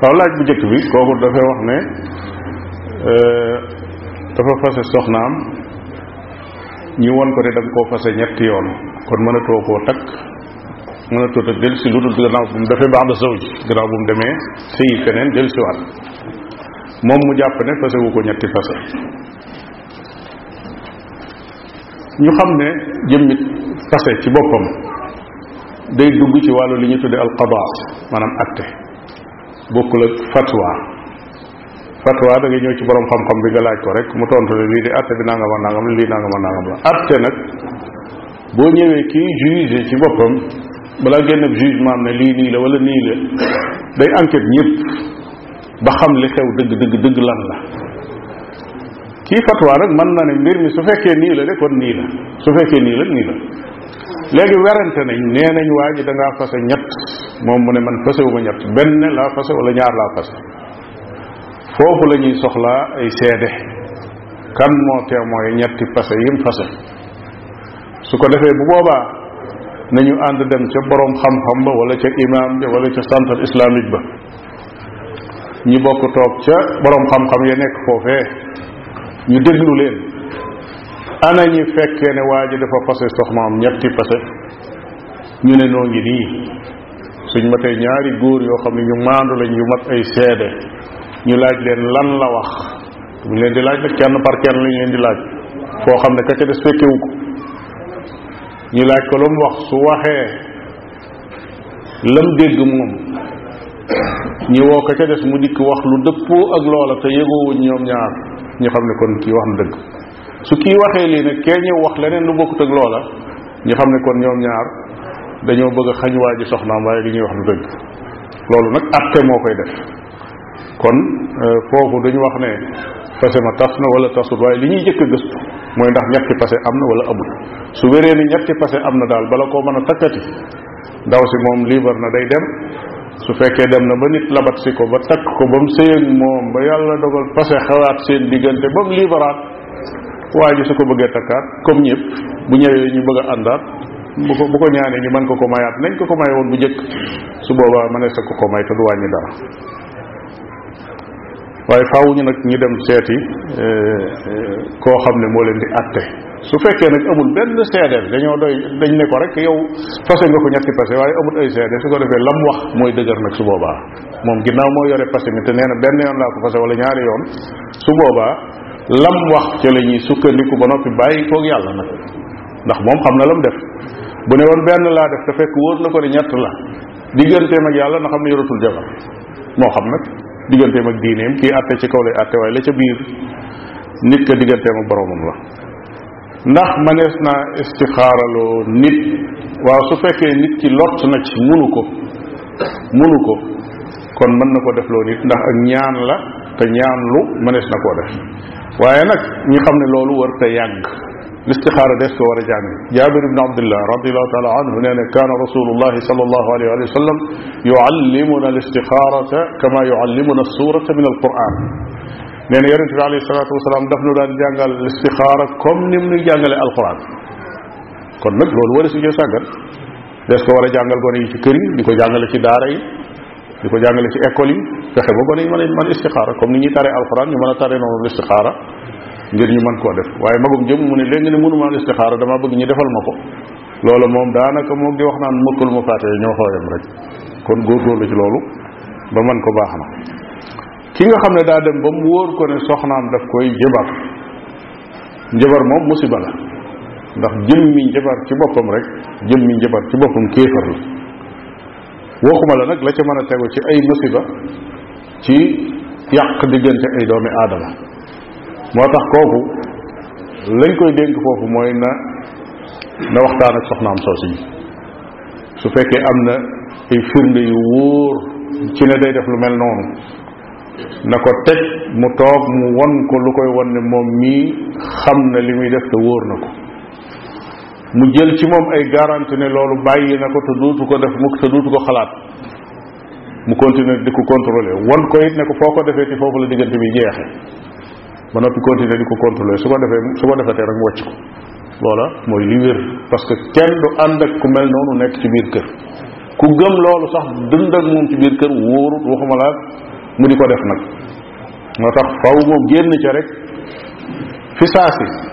waaw laaj bu njëkk bi kooku dafay wax ne euh, dafa fase soxnaam ñi won ko ne da nga koo fase ñetti yoon kon mënatoo koo takk mënatoo takk del si lu dul gannaaw bu mu dafay baax da sow ji gannaaw bu mu demee sëyi feneen del siwaat moom mu jàpp ne fase wu ko ñetti fase ñu xam ne jëmmit fase ci boppam day dugg ci wàllu li ñu tudde alqada maanaam atte bokkul ak fatwa fatwa da nga ñëw ci borom xam-xam bi nga laaj ko rek mu tontu lii de atte bi nangam ak nangam lii nangam ak nangam la atte nag boo ñëwee kii juge ci boppam balaa génn jugement am ne lii nii la wala nii la day enquête ñëpp ba xam li xew dëgg dëgg dëgg lan la kii fatwa nag mën na ne mbir mi su fekkee nii la de kon nii la su fekkee nii la nii la léegi werante nañ nee nañ waa ji da ngaa fase ñett moom mu ne man fasewuma ñett benn laa fase wala ñaar laa fase foofu la ñuy soxlaa ay seede kan moo témoin ñetti fase yim fase su ko defee bu boobaa nañu ànd dem ca boroom xam-xam ba wala ca imam ba wala ca centre islamique ba ñi bokk toog ca boroom xam-xam ya nekk foofee ñu déglu leen ana ñu fekkee ne waa ji dafa fase soxnaam ñetti fase ñu ne noo ngi nii suñ matee ñaari góor yoo xam ne ñu maandu lañ yu mat ay seede ñu laaj leen lan la wax buñ leen di laaj nag kenn par kenn lañ leen di laaj foo xam ne ka ca des fekkewu ko ñu laaj ko lu mu wax su waxee lam dégg moom ñu woo ko ca des mu dikk wax lu dëppoo ak loola te yëgoowuñ ñoom ñaar ñu xam ne kon kii wax na dëgg su kii waxee lii nag kee ñëw wax leneen lu bokkut ak loola ñu xam ne kon ñoom ñaar dañoo bëgg a xañ waa ji soxnaam waaye li ñuy wax lu dëgg loolu nag atte moo koy def kon euh, foofu dañu wax ne fase ma tas na wala tasut waaye li ñuy jëkk gëstu mooy ndax ñetti pase am na wala amul su wéree ni ñetti pase am na daal bala koo mën a takkati ndaw si moom liibar na day dem su fekkee dem na ba nit labat si ko ba takk ko ba mu sëyëg moom ba yàlla dogal pase xalaat seen diggante ba mu liibaraat waa ji su ko bëggee takkaat comme ñëpp bu ñëwee ñu bëgg a àndaat bu ko bu ko ñaanee ñu man ko ko mayaat nañ ko ko may woon bu njëkk su boobaa mënees sa ko ko may te du wàññi dara waaye faaw ñu nag ñu dem seeti eh, eh, koo xam ne moo leen di atte su fekkee nag amul benn seedeel dañoo doy dañ ne ko rek yow fase nga ko ñetti pase waaye amul ay seede su ko defee lam wax mooy dëgër nag su boobaa moom ginnaaw moo yore pase mi te nee na benn yoon laa ko fase wala ñaari yoon lam wax ca la ñuy sukkandiku ba noppi bàyyi koog yàlla nag ndax moom xam na la mu def bu ne woon benn laa def te fekk wóor na ko ne ñett la digganteem ak yàlla na am ne yoratul jabar moo xam nag digganteem ak diineem kii àtte ci kaw lay àtte waaye la ca biir nit ka digganteem ak boromam la ndax manees naa istixaaraloo nit waaw su fekkee nit ki lott na ci munu ko munu ko kon mën na ko def loo nit ndax ak ñaan la te ñaan lu manees na koo def waaye nag ñi xam ne loolu war te yàgg listixaara des ko war a jàng jaabir ibn abdullah radiallahu taala anhu nee ne kaana rasulullahi sal allahu alayhi wa sallam yuallimuna listixaarata kama yuallimuna surata min alquran nee na yonente bi alayhi salatu wasalaam daf nu daan jàngal listixaara comme ni mu nu jàngale alquran kon nag loolu war a si cee sàggan des ko war a jàngal gone yi ci kër yi di ko jàngale ci daara yi di ko jàngale ci école yi fexe ba gone yi mën a mën istixaara comme ni ñuy taree alxuraan ñu mën a tare noonu istixaara ngir ñu mën koo def waaye magum jëm mu ne léegi ne mënu maa istixaara damaa bëgg ñu defal ma ko loola moom daanaka moom di wax naan mëkkalu ma faate ñoo xooyam rek kon góor góorgóorlu ci loolu ba mën ko baax na ki nga xam ne daa dem ba mu wóor ko ne soxnaam daf koy jabar njabar moom musiba la ndax jëmmi njabar ci boppam rek jëmmi njabar ci boppam kéefar la waxuma la nag la ca mën a tegu ci ay musiba ci yàq diggante ay doomi aadama moo tax kooku lañ koy dénk foofu mooy na na waxtaan ak soxnaam si su fekkee am na ay firnde yu wóor ci ne day def lu mel noonu na ko teg mu toog mu won ko lu koy won ne moom mii xam na li muy def te wóor na ko mu jël ci moom ay garanti ne loolu bàyyi na ko te duutu ko def mukk te duutu ko xalaat mu continuer di ko contrôler wan ko it ne ko foo ko defee ci foofu la diggante bi jeexe ba noppi continuer di ko contrôler su ko defee su ko defetee rek mu wàcc ko loola mooy li wér parce que kenn du ànd ak ku mel noonu nekk ci biir kër ku gëm loolu sax dund ak moom ci biir kër wóorut waxuma la mu ni ko def nag moo tax faw moom génn ca rek fi saasi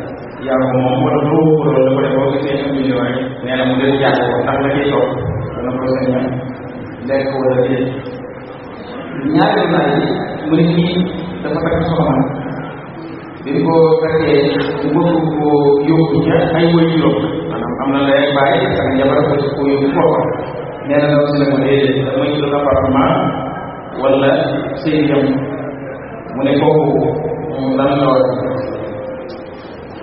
yàlla moom wala lu wala dafa def boo gisee ñoom million yi nee na mu gën jàng ko ndax la ciy toog dana ko sa ñaan lekk wala déet ñaareel naa yi mu ne kii dafa takk soxna bi ko fekkee mu bëgg ko yóbbu ca ay wëy maanaam am na bàyyi ak ko ko yóbbu foofa nee na si ne ko déedéet dama appartement wala mu ne kooku lan la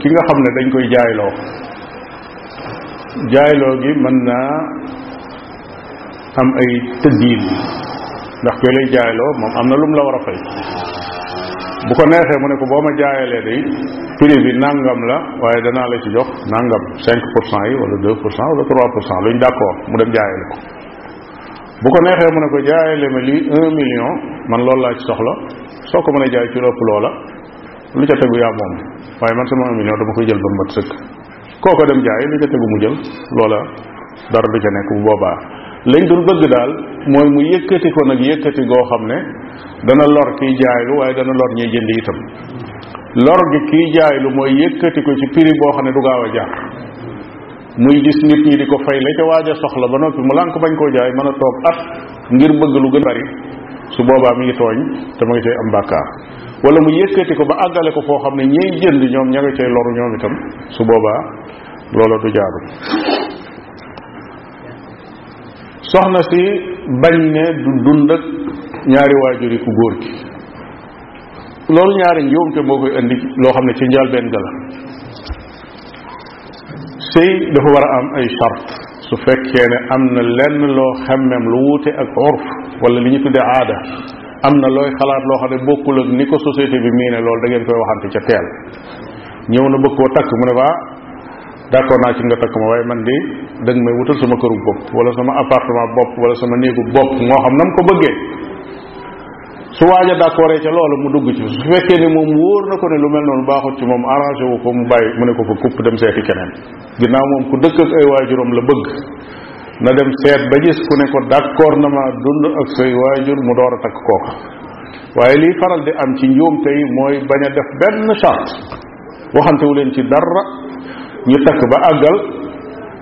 ki nga xam ne dañ koy jaayloo jaayloo gi mën naa am ay tëddiin ndax koy lay jaayloo moom am na lu mu la war a fay bu ko neexee mu ne ko boo ma jaayalee day prix bi nangam la waaye danaa la ci jox nangam cinq pour cent yi wala deux pour cent wala trois pour cent luñ d'accord mu dem jaayale ko bu ko neexee mu ne ko jaayale ma lii un million man loolu laa ci soxla soo ko mën a jaay ci lopp loola lu ca tegu yaa moom waaye man sama un million dama koy jël ba mat sëkk kooko dem jaay lu ca tegu mu jël loola dara du ca nekk bu boobaa lañ dul bëgg daal mooy mu yëkkati ko nag yëkkati goo xam ne dana lor kiy jaaylu waaye dana lor ñiy jënd itam lor gi kiy jaaylu mooy yëkkati ko ci prix boo xam ne du gaaw a jaar muy gis nit ñi di ko fay la ca waaja soxla ba noppi mu lànk bañ koo jaay mën a toog at ngir bëgg lu gën bari su boobaa mi ngi tooñ te ma ngi cay am bàkkaar wala mu yëkkati ko ba àggale ko foo xam ne ñiy jënd ñoom ña nga cay loru ñoom itam su boobaa loola du jaadu soxna si bañ ne du dund ak ñaari waajur yi ku góor gi loolu ñaari njuumte moo koy indi loo xam ne ci njalbeen ga la sëy dafa war a am ay charte su fekkee ne am na lenn loo xemmem lu wuute ak orf wala li ñu tuddee aada am na looy xalaat loo xam ne bokkul ak ni ko société bi miine loolu dangeen ngeen koy waxante ca teel ñëw na bëgg koo takk mu ne waa ah, d'accord naa ci nga takk ma waaye man di da nga may wutal sama këru bopp wala sama appartement bopp wala sama néegu bopp moo xam na mu ko bëggee su waaj a d'accord ca loolu mu dugg ci su fekkee ne moom wóor na ko ne lu mel noonu baaxut ci moom arrangé wu ko mu bàyyi mu ne ko fa kupp dem seeti keneen ginnaaw moom ku dëkk ak ay waajuram la bëgg na dem seet ba gis ku ne ko d'accord na ma dund ak say waajur mu door a takk kooka waaye lii faral di am ci njuum tey mooy bañ a def benn charte waxantewu leen ci dara ñu takk ba àggal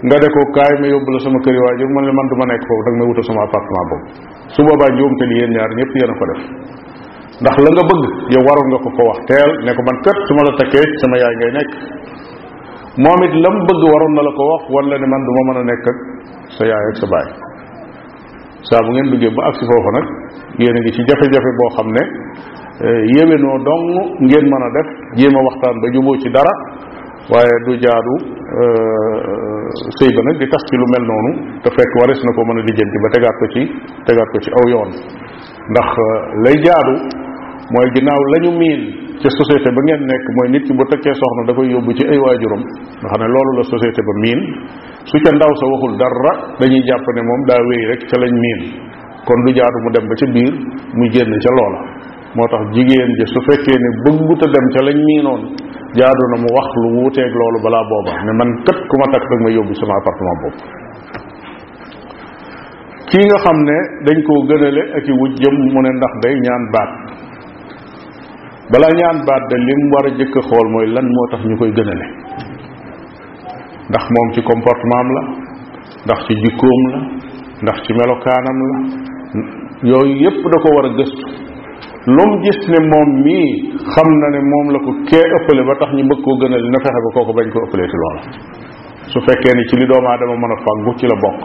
nga de ko kaay ma yóbbu la sama këri waajur man man ma nekk foofu dag may wutal sama appartement boobu su boobaa njuumte li yéen ñaar ñëpp yéen ko def ndax la nga bëgg yow waroon nga ko ko wax teel ne ko man kat su ma la takkee sama yaay ngay nekk moom it lam bëgg waroon na la ko wax wala ne man du mën a nekk ak sa yaay ak sa baay saa bu ngeen duggee ba agsi foofu nag yéen a ngi ci jafe boo xam ne eh, yéwénoo dong ngeen mën a def jéem a waxtaan ba juboo ci dara waaye du jaadu eh, sëy ba nag di tas ci lu mel noonu te fekk waris na ko mën a di jën lijjanti ba tegaat ko ci tegaat ko ci aw yoon ndax eh, lay jaadu mooy ginnaaw lañu miin ca société ba ngeen nekk mooy nit ki bu tëkkee soxna da koy yóbbu ci ay waajuram nga xam ne loolu la société ba miin su ca ndaw sa waxul dara dañuy jàpp ne moom daa wéy rek ca lañ miin kon lu jaatu mu dem ba ca biir mu génn ca loola moo tax jigéen ji su fekkee ne bëggut a dem ca lañ miinoon jaadu na mu wax lu wuuteeg loolu balaa booba ne man kat ku ma takk rek ma yóbbu sama appartement boobu kii nga xam ne dañ koo gënale ak i wujjam mu ne ndax day ñaan baat balaa ñaan baat de mu war a jëkk a xool mooy lan moo tax ñu koy gënale ndax moom ci comportement am la ndax ci jikkoom la ndax ci melokaanam la yooyu yépp da ko war a gëstu lu mu gis ne moom mii xam na ne moom la ko kee ëppale ba tax ñu bëgg koo gënale na fexe ba kooku bañ ko ëppalee ci loola su fekkee ni ci li doomu aadama mën a fàggu ci la bokk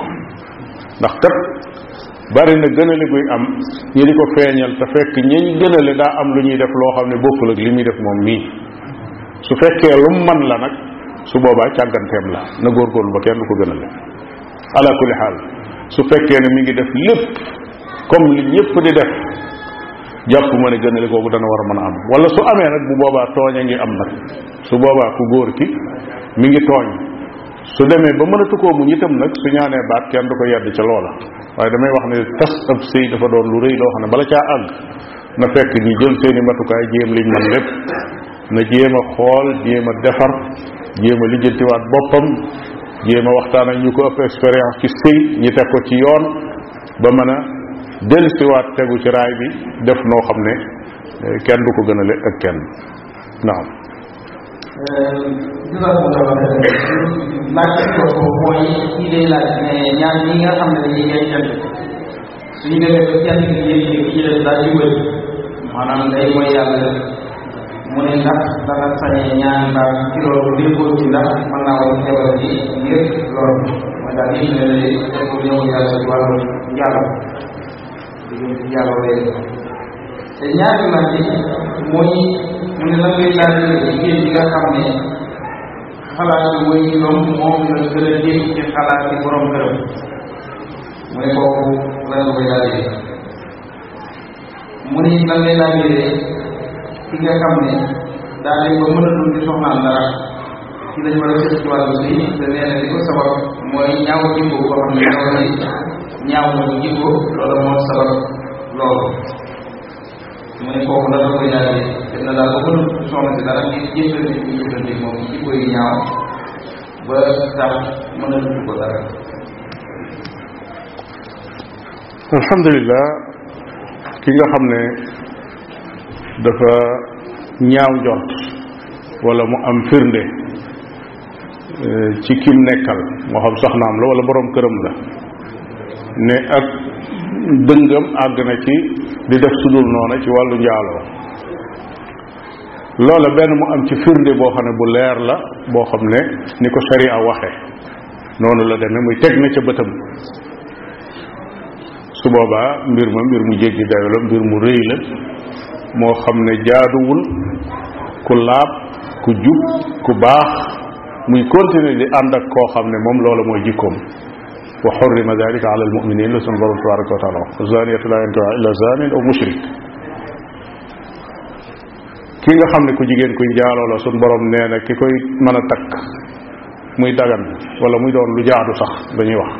ndax kat bari na gënale guy am ñi di ko feeñal te fekk ñiñ gënale daa am lu ñuy def loo xam ne bokkul ak li muy def moom nii su fekkee lu man la nag su boobaa càgganteem la na góorgóorlu ba kenn du ko gënale ala kulli xaal su fekkee ne mi ngi def lépp comme li ñëpp di def jàpp ma ne gënale googu dana war a mën a am wala su amee nag bu boobaa tooñ a ngi am nag su boobaa ku góor ki mi ngi tooñ su demee ba mënatu koo mu itam nag su ñaanee baat kenn du ko yedd ca loola waaye damay wax ne tas ab sëy dafa doon lu rëy loo xam ne bala caa àgg na fekk ñi jël seen matukaay jéem liñ man lépp na jéem a xool jéem a defar jéem a lijjantiwaat boppam jéem a waxtaan ak ñu ko ëpp expérience ci sëy ñi teg ko ci yoon ba mën a dellusiwaat tegu ci raay bi def noo xam ne eh, kenn du ko gënale ak kenn naam ဒီလိုတော့ပါတယ်လက်ရှိတော့ပုံပေါ်ရေးကြီးလေးလိုက်နေညာကြီးကသမဏေကြီးရဲ့ချက်စီနေကြပြန်ကြီးရေးကြီးရဲ့ဓာတ်ကြီးဝဲမာနန်လေးဝဲရတယ် mune nak dana sañe ñaan ba ci loolu déggoo ci ndax mën naa woon xewal bi ngir loolu mooy daal yëpp ne ne ko ñëw yàlla ci wàllu njàll diggante njàll wee te ñaari nag yi mooy mu ne lan ngay laajee jigéen bi nga xam ne xalaati way juróom moom la gën a dégg ci xalaati borom këram mu ne kooku lan nga koy laajee mu ne lan ngay laajee ki nga xam ne daa ne ba mën a dund soxnaam dara ci lañ war a ci wàllu bi te nee na sabab mooy ñaaw jikko boo xam ne ñaaw na ñaaw na jikko loolu moo sabab loolu mu alhamdulilah ki nga xam ne dafa ñaaw njort wala mu am firnde eh, ci kim nekkal moo xam soxnaam la wala borom këram la. ne ak dëngam àgg na ci di def sudul noona ci wàllu njaaloo loola benn mu am ci firnde boo xam ne bu leer la boo xam ne ni ko sharia waxe noonu la demee muy teg na ca bëtam su boobaa mbir ma mbir mu jéggi dayo la mbir mu rëy la moo xam ne jaaduwul ku laab ku jub ku baax muy continuer di ànd ak koo xam ne moom loola mooy jikkoom wa xurrima dalika ala almuminin la sunu borom tabaraka wa taala wax zaniyatu la yankiha illa zanin aw mushrik ki nga xam ne ku jigéen kuy njaaloo la sunu borom nee na ki koy mën a takk muy dagan wala muy doon lu jaadu sax dañuy wax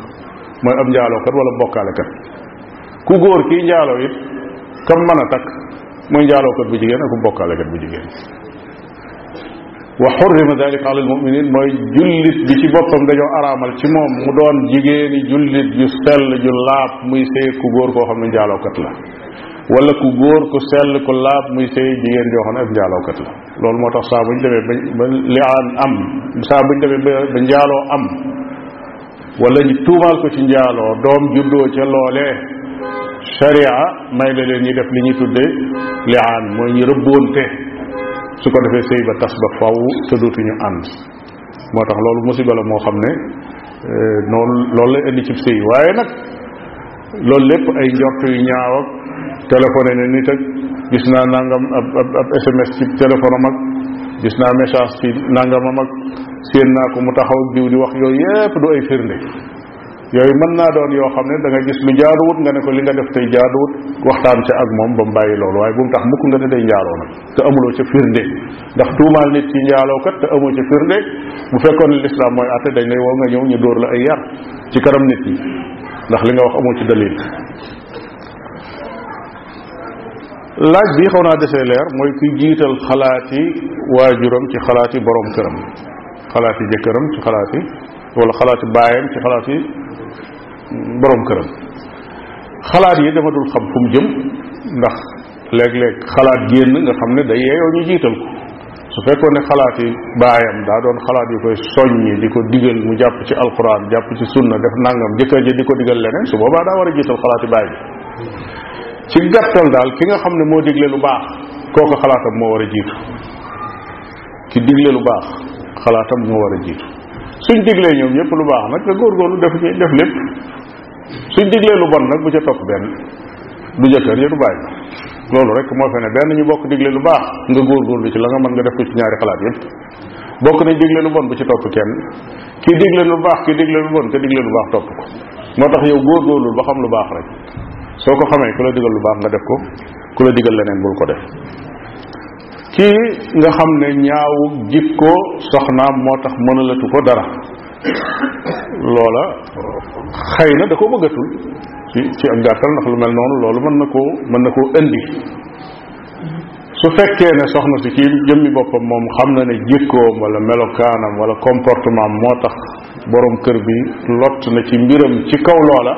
mooy ab njaalookat wala bokkaalekat ku góor kiy njaaloo it kam mën a takk mooy njaalookat bu jigéen ak bu bokkaalekat bu jigéen wax xurrima dalika ala almuminin mooy jullit bi ci boppam dañoo araamal ci moom mu doon jigéeni jullit ju sell ju laab muy sëy ku góor koo xam ne njaalookat la wala ku góor ku sell ku laab muy sëy jigéen joo xam ne ab njaalookat la loolu moo tax saa buñ demee ba liaan saa buñ demee ba ba njaaloo am wala ñu tuumaal ko ci njaaloo doom juddoo ca loolee sharia may la leen ñi def li ñuy tudde liaan mooy ñu rëbboonte su ko defee sëy ba tas ba faw te dootuñu ànd moo tax loolu musiba moo xam ne euh, noonu loolu lay indi cib sëy waaye nag loolu lépp ay njort yu ñaaw ak téléphoné ne nit ak gis naa nangam ab ab SMS ci téléphone am ak gis naa message ci nangamam ak séen naa ko mu taxaw ak diw di wax yooyu yépp du ay firnde yooyu mën naa doon yoo xam ne da nga gis lu jaaduwut nga ne ko li nga def tey jaaduwut waxtaan ca ak moom ba mu bàyyi loolu waaye bu mu tax mukk nga ne day njaaloo nag te amuloo ca firnde ndax tuumaal nit ci njaaloo kat te amoo ca firnde bu fekkoon ne lislaam mooy atte dañ lay woo nga ñëw ñu dóor la ay yar ci karam nit ñi ndax li nga wax amoo ci dalil laaj bi xaw naa desee leer mooy kuy jiital xalaati waajuram ci xalaati borom këram xalaati jëkkëram ci xalaati wala xalaati baayam ci xalaati boroom këram xalaat yi dama dul xam fu mu jëm ndax léeg-léeg xalaat génn nga xam ne day yeeyoo ñu jiital ko su fekkoon ne xalaat yi baayam daa doon xalaat yu koy soññi di ko digal mu jàpp ci alquran jàpp ci sunna def nàngam jëkkër ji di ko digal leneen su boobaa daa war a jiital xalaati baay bi ci gàttal daal ki nga xam ne moo digle lu baax ko xalaatam moo war a jiitu ki digle lu baax xalaatam moo war a jiitu suñ diglee ñoom ñëpp lu baax nag nga góorgóorlu def ci def lépp suñ diglee lu bon nag bu ca topp benn du jëkkër ya du bàyyi loolu rek moo fe ne benn ñu bokk digle lu baax nga góorgóorlu ci la nga mën nga def ko ci ñaari xalaat yëpp bokk nañ digle lu bon bu ci topp kenn kii digle lu baax kii digle lu bon te digle lu baax topp ko moo tax yow góorgóorlul ba xam lu baax rek soo ko xamee ku la digal lu baax nga def ko ku la digal leneen bul ko def kii nga xam ne ñaaw jikko soxnaam moo tax mënalatu ko dara loola xëy na da ko bëggatul ci ci ak gàttal ndax lu mel noonu loolu mën na koo mën na koo indi su fekkee ne soxna si ci jëmmi boppam moom xam na ne jikkoom wala melokaanam wala comportement moo tax boroom kër bi lott na ci mbiram ci kaw loola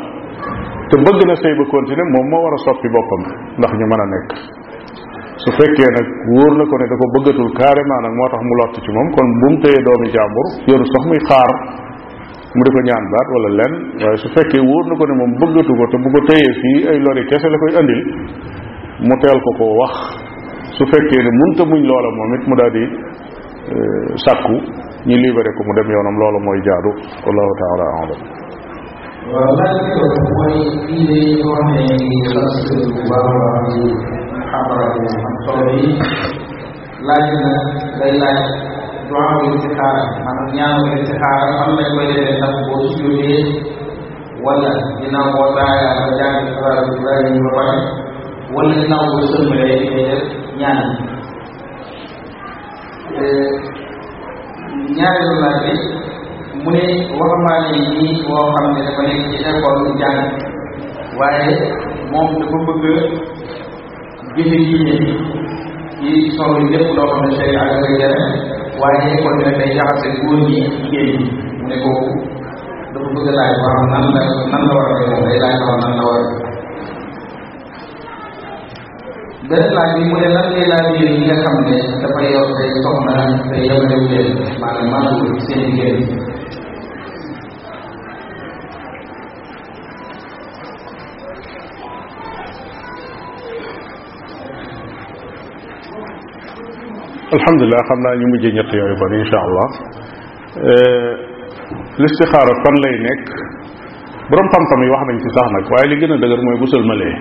te bëgg na sëy ba continuer moom moo war a soppi boppam ndax ñu mën a nekk su fekkee nag wóor na ko ne da ko bëggatul carrément nag moo tax mu lott ci moom kon bu mu tëyee doomi jàmbur yoru sax muy xaar mu di ko ñaan baat wala len waaye su fekkee wóor na ko ne moom bëggatu ko te bu ko tëyee fii ay lori kese la koy indil mu teel ko koo wax su fekkee ne munta muñ loola moom it mu daal di euh, sàkku ñu libéré ko mu dem yoonam loola mooy jaadu wallahu taala alam xaabarabu am solo bi laaj na day laaj duwaa bu intixaara maanaam ñaanu intixaara fan lañ koy defee ndax wala ginnaaw boo taaya ba jàng xabaar bi ba wala ginnaaw boo sëlmalee ñu koy def ñaan ñaareelu laaj bi mu ne waxambaane yi nii woo xam ne dafa nekk ci école jàng jëfe diine ci solo lépp loo xam ne sharia da koy tere waaye kon ne day jaxase góor ñi jigéen ñi mu ne ko dafa bëgg laaj ba xam nan la nan la war a moom day laaj xam nan la war benn laaj bi mu ne lan ngay laaj yéen ñi nga xam ne dafa yor day soxna te yemalewu leen maanaam maanaam seen jigéen alhamdulilah xam naa ñu mujjee ñett yooyu kon incha allah eh, listixaara fan lay nekk boroom xam-xam yi wax nañ ci sax nag waaye li gën a dëgër mooy bu sëlmalee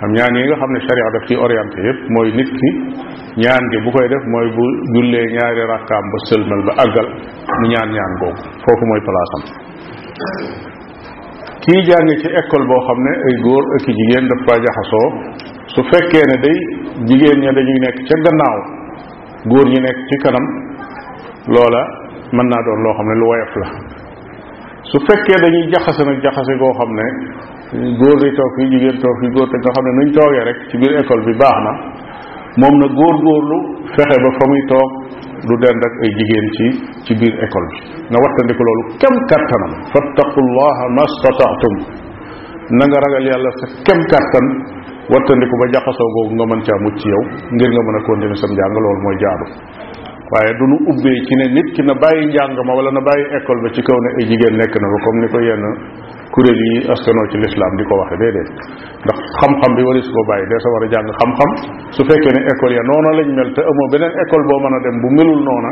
xam ñaan yi nga xam ne sharia daf ci orienté yëpp mooy nit ki ñaan gi bu koy def mooy bu jullee ñaari rakkaam ba sëlmal ba àggal mu ñaan ñaan googu foofu mooy place am kii jànge ci école boo xam ne ay góor ak i jigéen daf faa jaxasoo su fekkee ne day jigéen ña dañuy nekk ca gannaaw góor ñi nekk ci kanam loola mën naa doon loo xam ne lu woyof la su fekkee dañuy jaxase nag jaxase goo xam ne góor di toog fi jigéen toog fi góor te nga xam ne nuñ toogee rek ci biir école bi baax na moom na góor góorlu fexe ba fa muy toog du dend ak ay jigéen ci ci biir école bi na wattandiku loolu kem kàttanam fattaqullaha mastatatum na nga ragal yàlla sa kem kàttan wattandiku ba jaxasoo googu nga mën caa mucc ci yow ngir nga mën a continuer sam njàng loolu mooy jaadu waaye du nu ubbee ci ne nit ki na bàyyi njàng ma wala na bàyyi école ba ci kaw ne ay jigéen nekk na fa comme ni ko yenn kuréel yi askanoo ci lislaam di ko waxe déedéet ndax xam-xam bi wari su ko bàyyi dee sa war a jàng xam-xam su fekkee ne école ya noona lañ mel te amoo beneen école boo mën a dem bu melul noona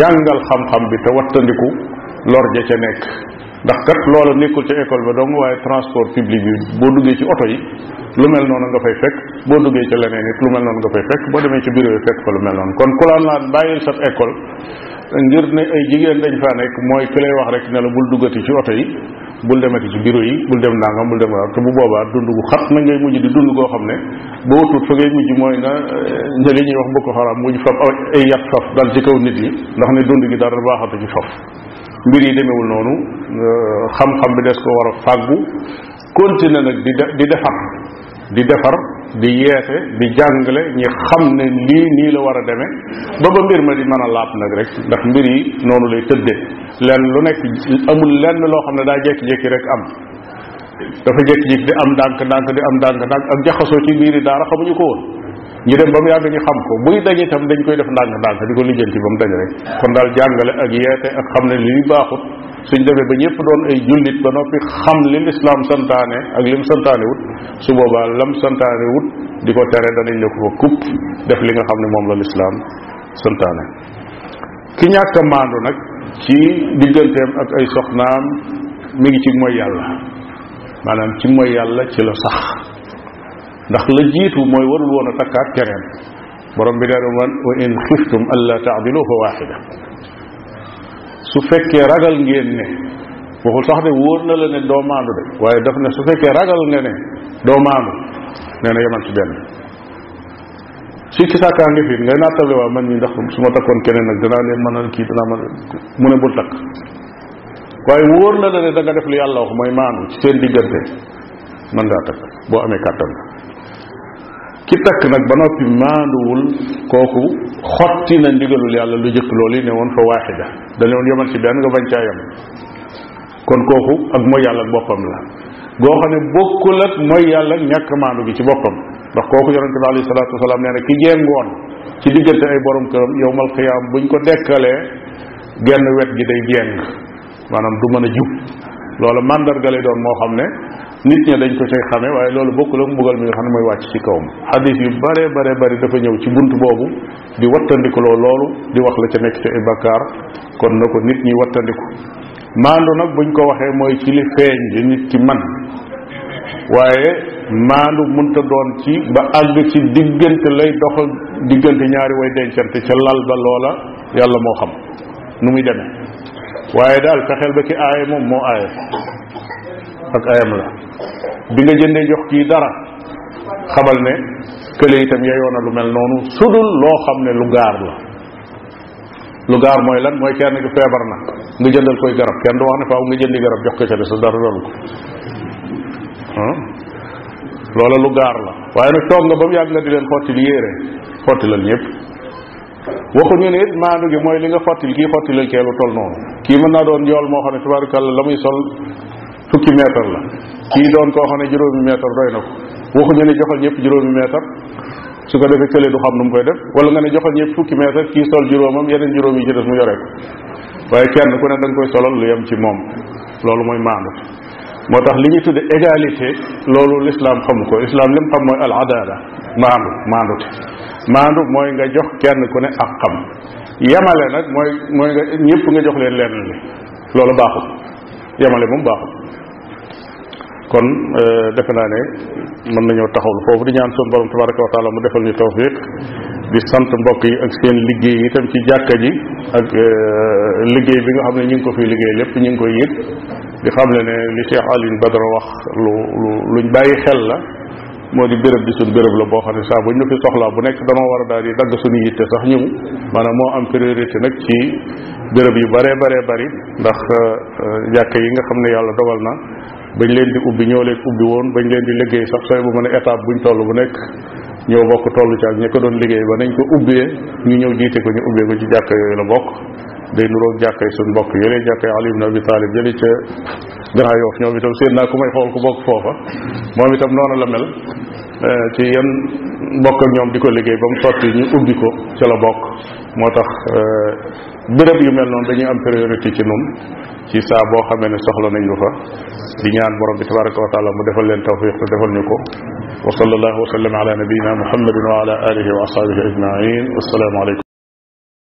jàngal xam-xam bi te wattandiku lor ja ca nekk ndax kat loola nekkul ca école ba dong waaye transport public bi boo duggee ci oto yi lu mel noonu nga fay fekk boo duggee ci leneen it lu mel noonu nga fay fekk boo demee ca bureau yi fekk ko lu mel kon ku la naan bàyyil sab ngir ne ay jigéen dañ faa nekk mooy ki lay wax rek ne la bul duggati ci oto yi bul demati ci yi bul dem nangam bul dem te bu boobaat dund gu xat na ngay mujj di dund goo xam ne ba wutut fa ngay mujj mooy nga euh, nga li ñuy wax bokk xaraam mujj fab ay yat faf dal ci kaw nit yi ndax ne dund gi dara baaxatu ci faf mbir yi demewul noonu euh, xam-xam bi des ko war a fàggu continuer nag di di defar di defar di yeete di jàngale ñi xam ne lii nii la war a demee ba ba mbir ma di mën a laab nag rek ndax mbir yi noonu lay tëdde lenn lu nekk amul lenn loo xam ne daa jékki-jékki rek am dafa jékki-jékki di am ndànk ndànk di am ndànk ndànk ak jaxasoo ci biir yi daara xamuñu ko woon ñu dem ba mu yàgg ñu xam ko buy dañ itam dañ koy def ndànk-ndànk di ko lijjanti ba mu dañ rek kon daal jàngale ak yeete ak xam ne li baaxut suñ demee ba ñëpp doon ay jullit ba noppi xam li lislaam santaane ak lim santaane wut su boobaa lam santaane wut di ko tere danañ ne ko fa kupp def li nga xam ne moom la lislaam santaane ki ñàkk a maandu nag ci digganteem ak ay soxnaam mi ngi ci mooy yàlla maanaam ci mooy yàlla ci la sax ndax la jiitu mooy warul woon a takkaat keneen borom bi nee man wa in xiftum alla taadilu fa waaxida su fekkee ragal ngeen ne waxul sax de wóor na la ne doo maandu de waaye daf ne su fekkee ragal nga ne doo maandu nee na yemal ci benn si ci sàkkaa ngi fi ngay nattale waa man ñi ndax su ma takkoon keneen nag danaa leen mënal kii danaa mën mu ne bul takk waaye wóor na la ne da def lu yàlla wax mooy maandu ci seen diggante mën daa takk boo amee kàttan ki takk nag ba noppi maanduwul kooku xotti na ndigalul yàlla lu jëkk loolu yi ne woon fa waaxida dañu woon yomal ci benn nga bañ caa kon kooku ak mooy yàlla boppam la goo xam ne bokkul ak mooy yàlla ñàkk maandu gi ci boppam ndax kooku yonente bi alayhi salaatu wasalaam nee na ki jéngoon ci diggante ay borom këram yowmal xiyaam buñ ko dekkalee genn wet gi day jéng maanaam du mën a jub loola mandarga lay doon moo xam ne nit ña dañ ko cay xamee waaye loolu bokk ak mbugal mi nga xam ne mooy wàcc ci kawam xadis yu bare bare bari dafa ñëw ci bunt boobu di wattandikuloo loolu di wax la ca nekk ca ay kon na ko nit ñi wattandiku maandu nag buñ ko waxee mooy ci li feeñ li nit ki man waaye maandu mënta doon ci ba àgg ci diggante lay doxal diggante ñaari way dencante ca lal ba loola yàlla moo xam nu muy demee waaye daal fexeel ba ki aaye moom moo aaye ak ayam la bi nga jëndee jox kii dara xamal ne kële itam yeyoo na lu mel noonu sudul loo xam ne lu gaar la lu gaar mooy lan mooy kenn ki feebar na nga jëndal koy garab kenn du wax ne faaw nga jëndi garab jox ko ca de sa dara loolu ko loola lu gaar la waaye nag toog nga ba mu yàgg nga di leen xottil yéere xottilal ñëpp waxuñu ne it maandu gi mooy li nga xottil kii xottilal kee lu toll noonu kii mën naa doon yool moo xam ne tubaarikàlla la muy sol fukki meetar la kii doon koo xam ne juróomi meetar doy na ko waxuñu ne joxal ñëpp juróomi meetar su ko defee kële du xam nu mu koy def wala nga ne joxal ñëpp fukki meetar kii sol juróomam yeneen juróom yi ci des mu yore ko waaye kenn ku ne da koy solal lu yem ci moom loolu mooy maandu moo tax li ñuy tudde égalité loolu lislaam xamu ko lislaam lim xam mooy al adala maandu maandute maandu mooy nga jox kenn ku ne ak xam yemale nag mooy mooy nga ñëpp nga jox leen lenn li loolu baaxul yemale moom baaxul kon euh, defe naa ne mën nañoo taxawlu foofu di ñaan suñu borom tabaraka wa taala mu defal ñu tawfiq di sant mbokk yi ak seen liggéey itam ci jàkka ji ak euh, liggéey bi nga xam ne ñu ngi ko fi liggéey lépp ñu ngi ko yëg di xam ne ne li Cheikh Alioune Badara wax lu lu luñ bàyyi xel la moo di béréb bi suñ béréb la boo xam ne saa buñ ñu fi soxlaa bu nekk danoo war a daal di dagg suñu yitte sax ñëw maanaam moo am priorité nag ci béréb yu bare bare bari ndax euh, jàkka yi nga xam ne yàlla dogal na bañ leen di ubbi ñoo leen ubbi woon bañ leen di liggéey sax sooy bu mën a étape buñ toll bu nekk ñoo bokk toll ci ak ñi ko doon liggéey ba nañ ko ubbee ñu ñëw jiite ko ñu ubbee ko ci jàkka yooyu la bokk day nuroog jàkkay suñ bokk yële jàkkay Ali ibn Abi Talib jële ca Grand Yoff ñoom itam seen naa ku may xool ku bokk foofa moom itam noonu la mel eh, ci yan bokk ñoom di ko liggéey ba mu sotti ñu ubbi ko ci la bokk moo tax eh, bërëb yu mel noonu dañuy am priorité ci nun ci saa boo xamee ne soxla nañ lu fa di ñaan borom bi tabaraka wa taala mu defal leen tawfiq te defal ñu ko wa sallallahu wa sallam ala nabiyina muhammadin wa ala alihi wa ashabihi ajma'in wassalamu alaykum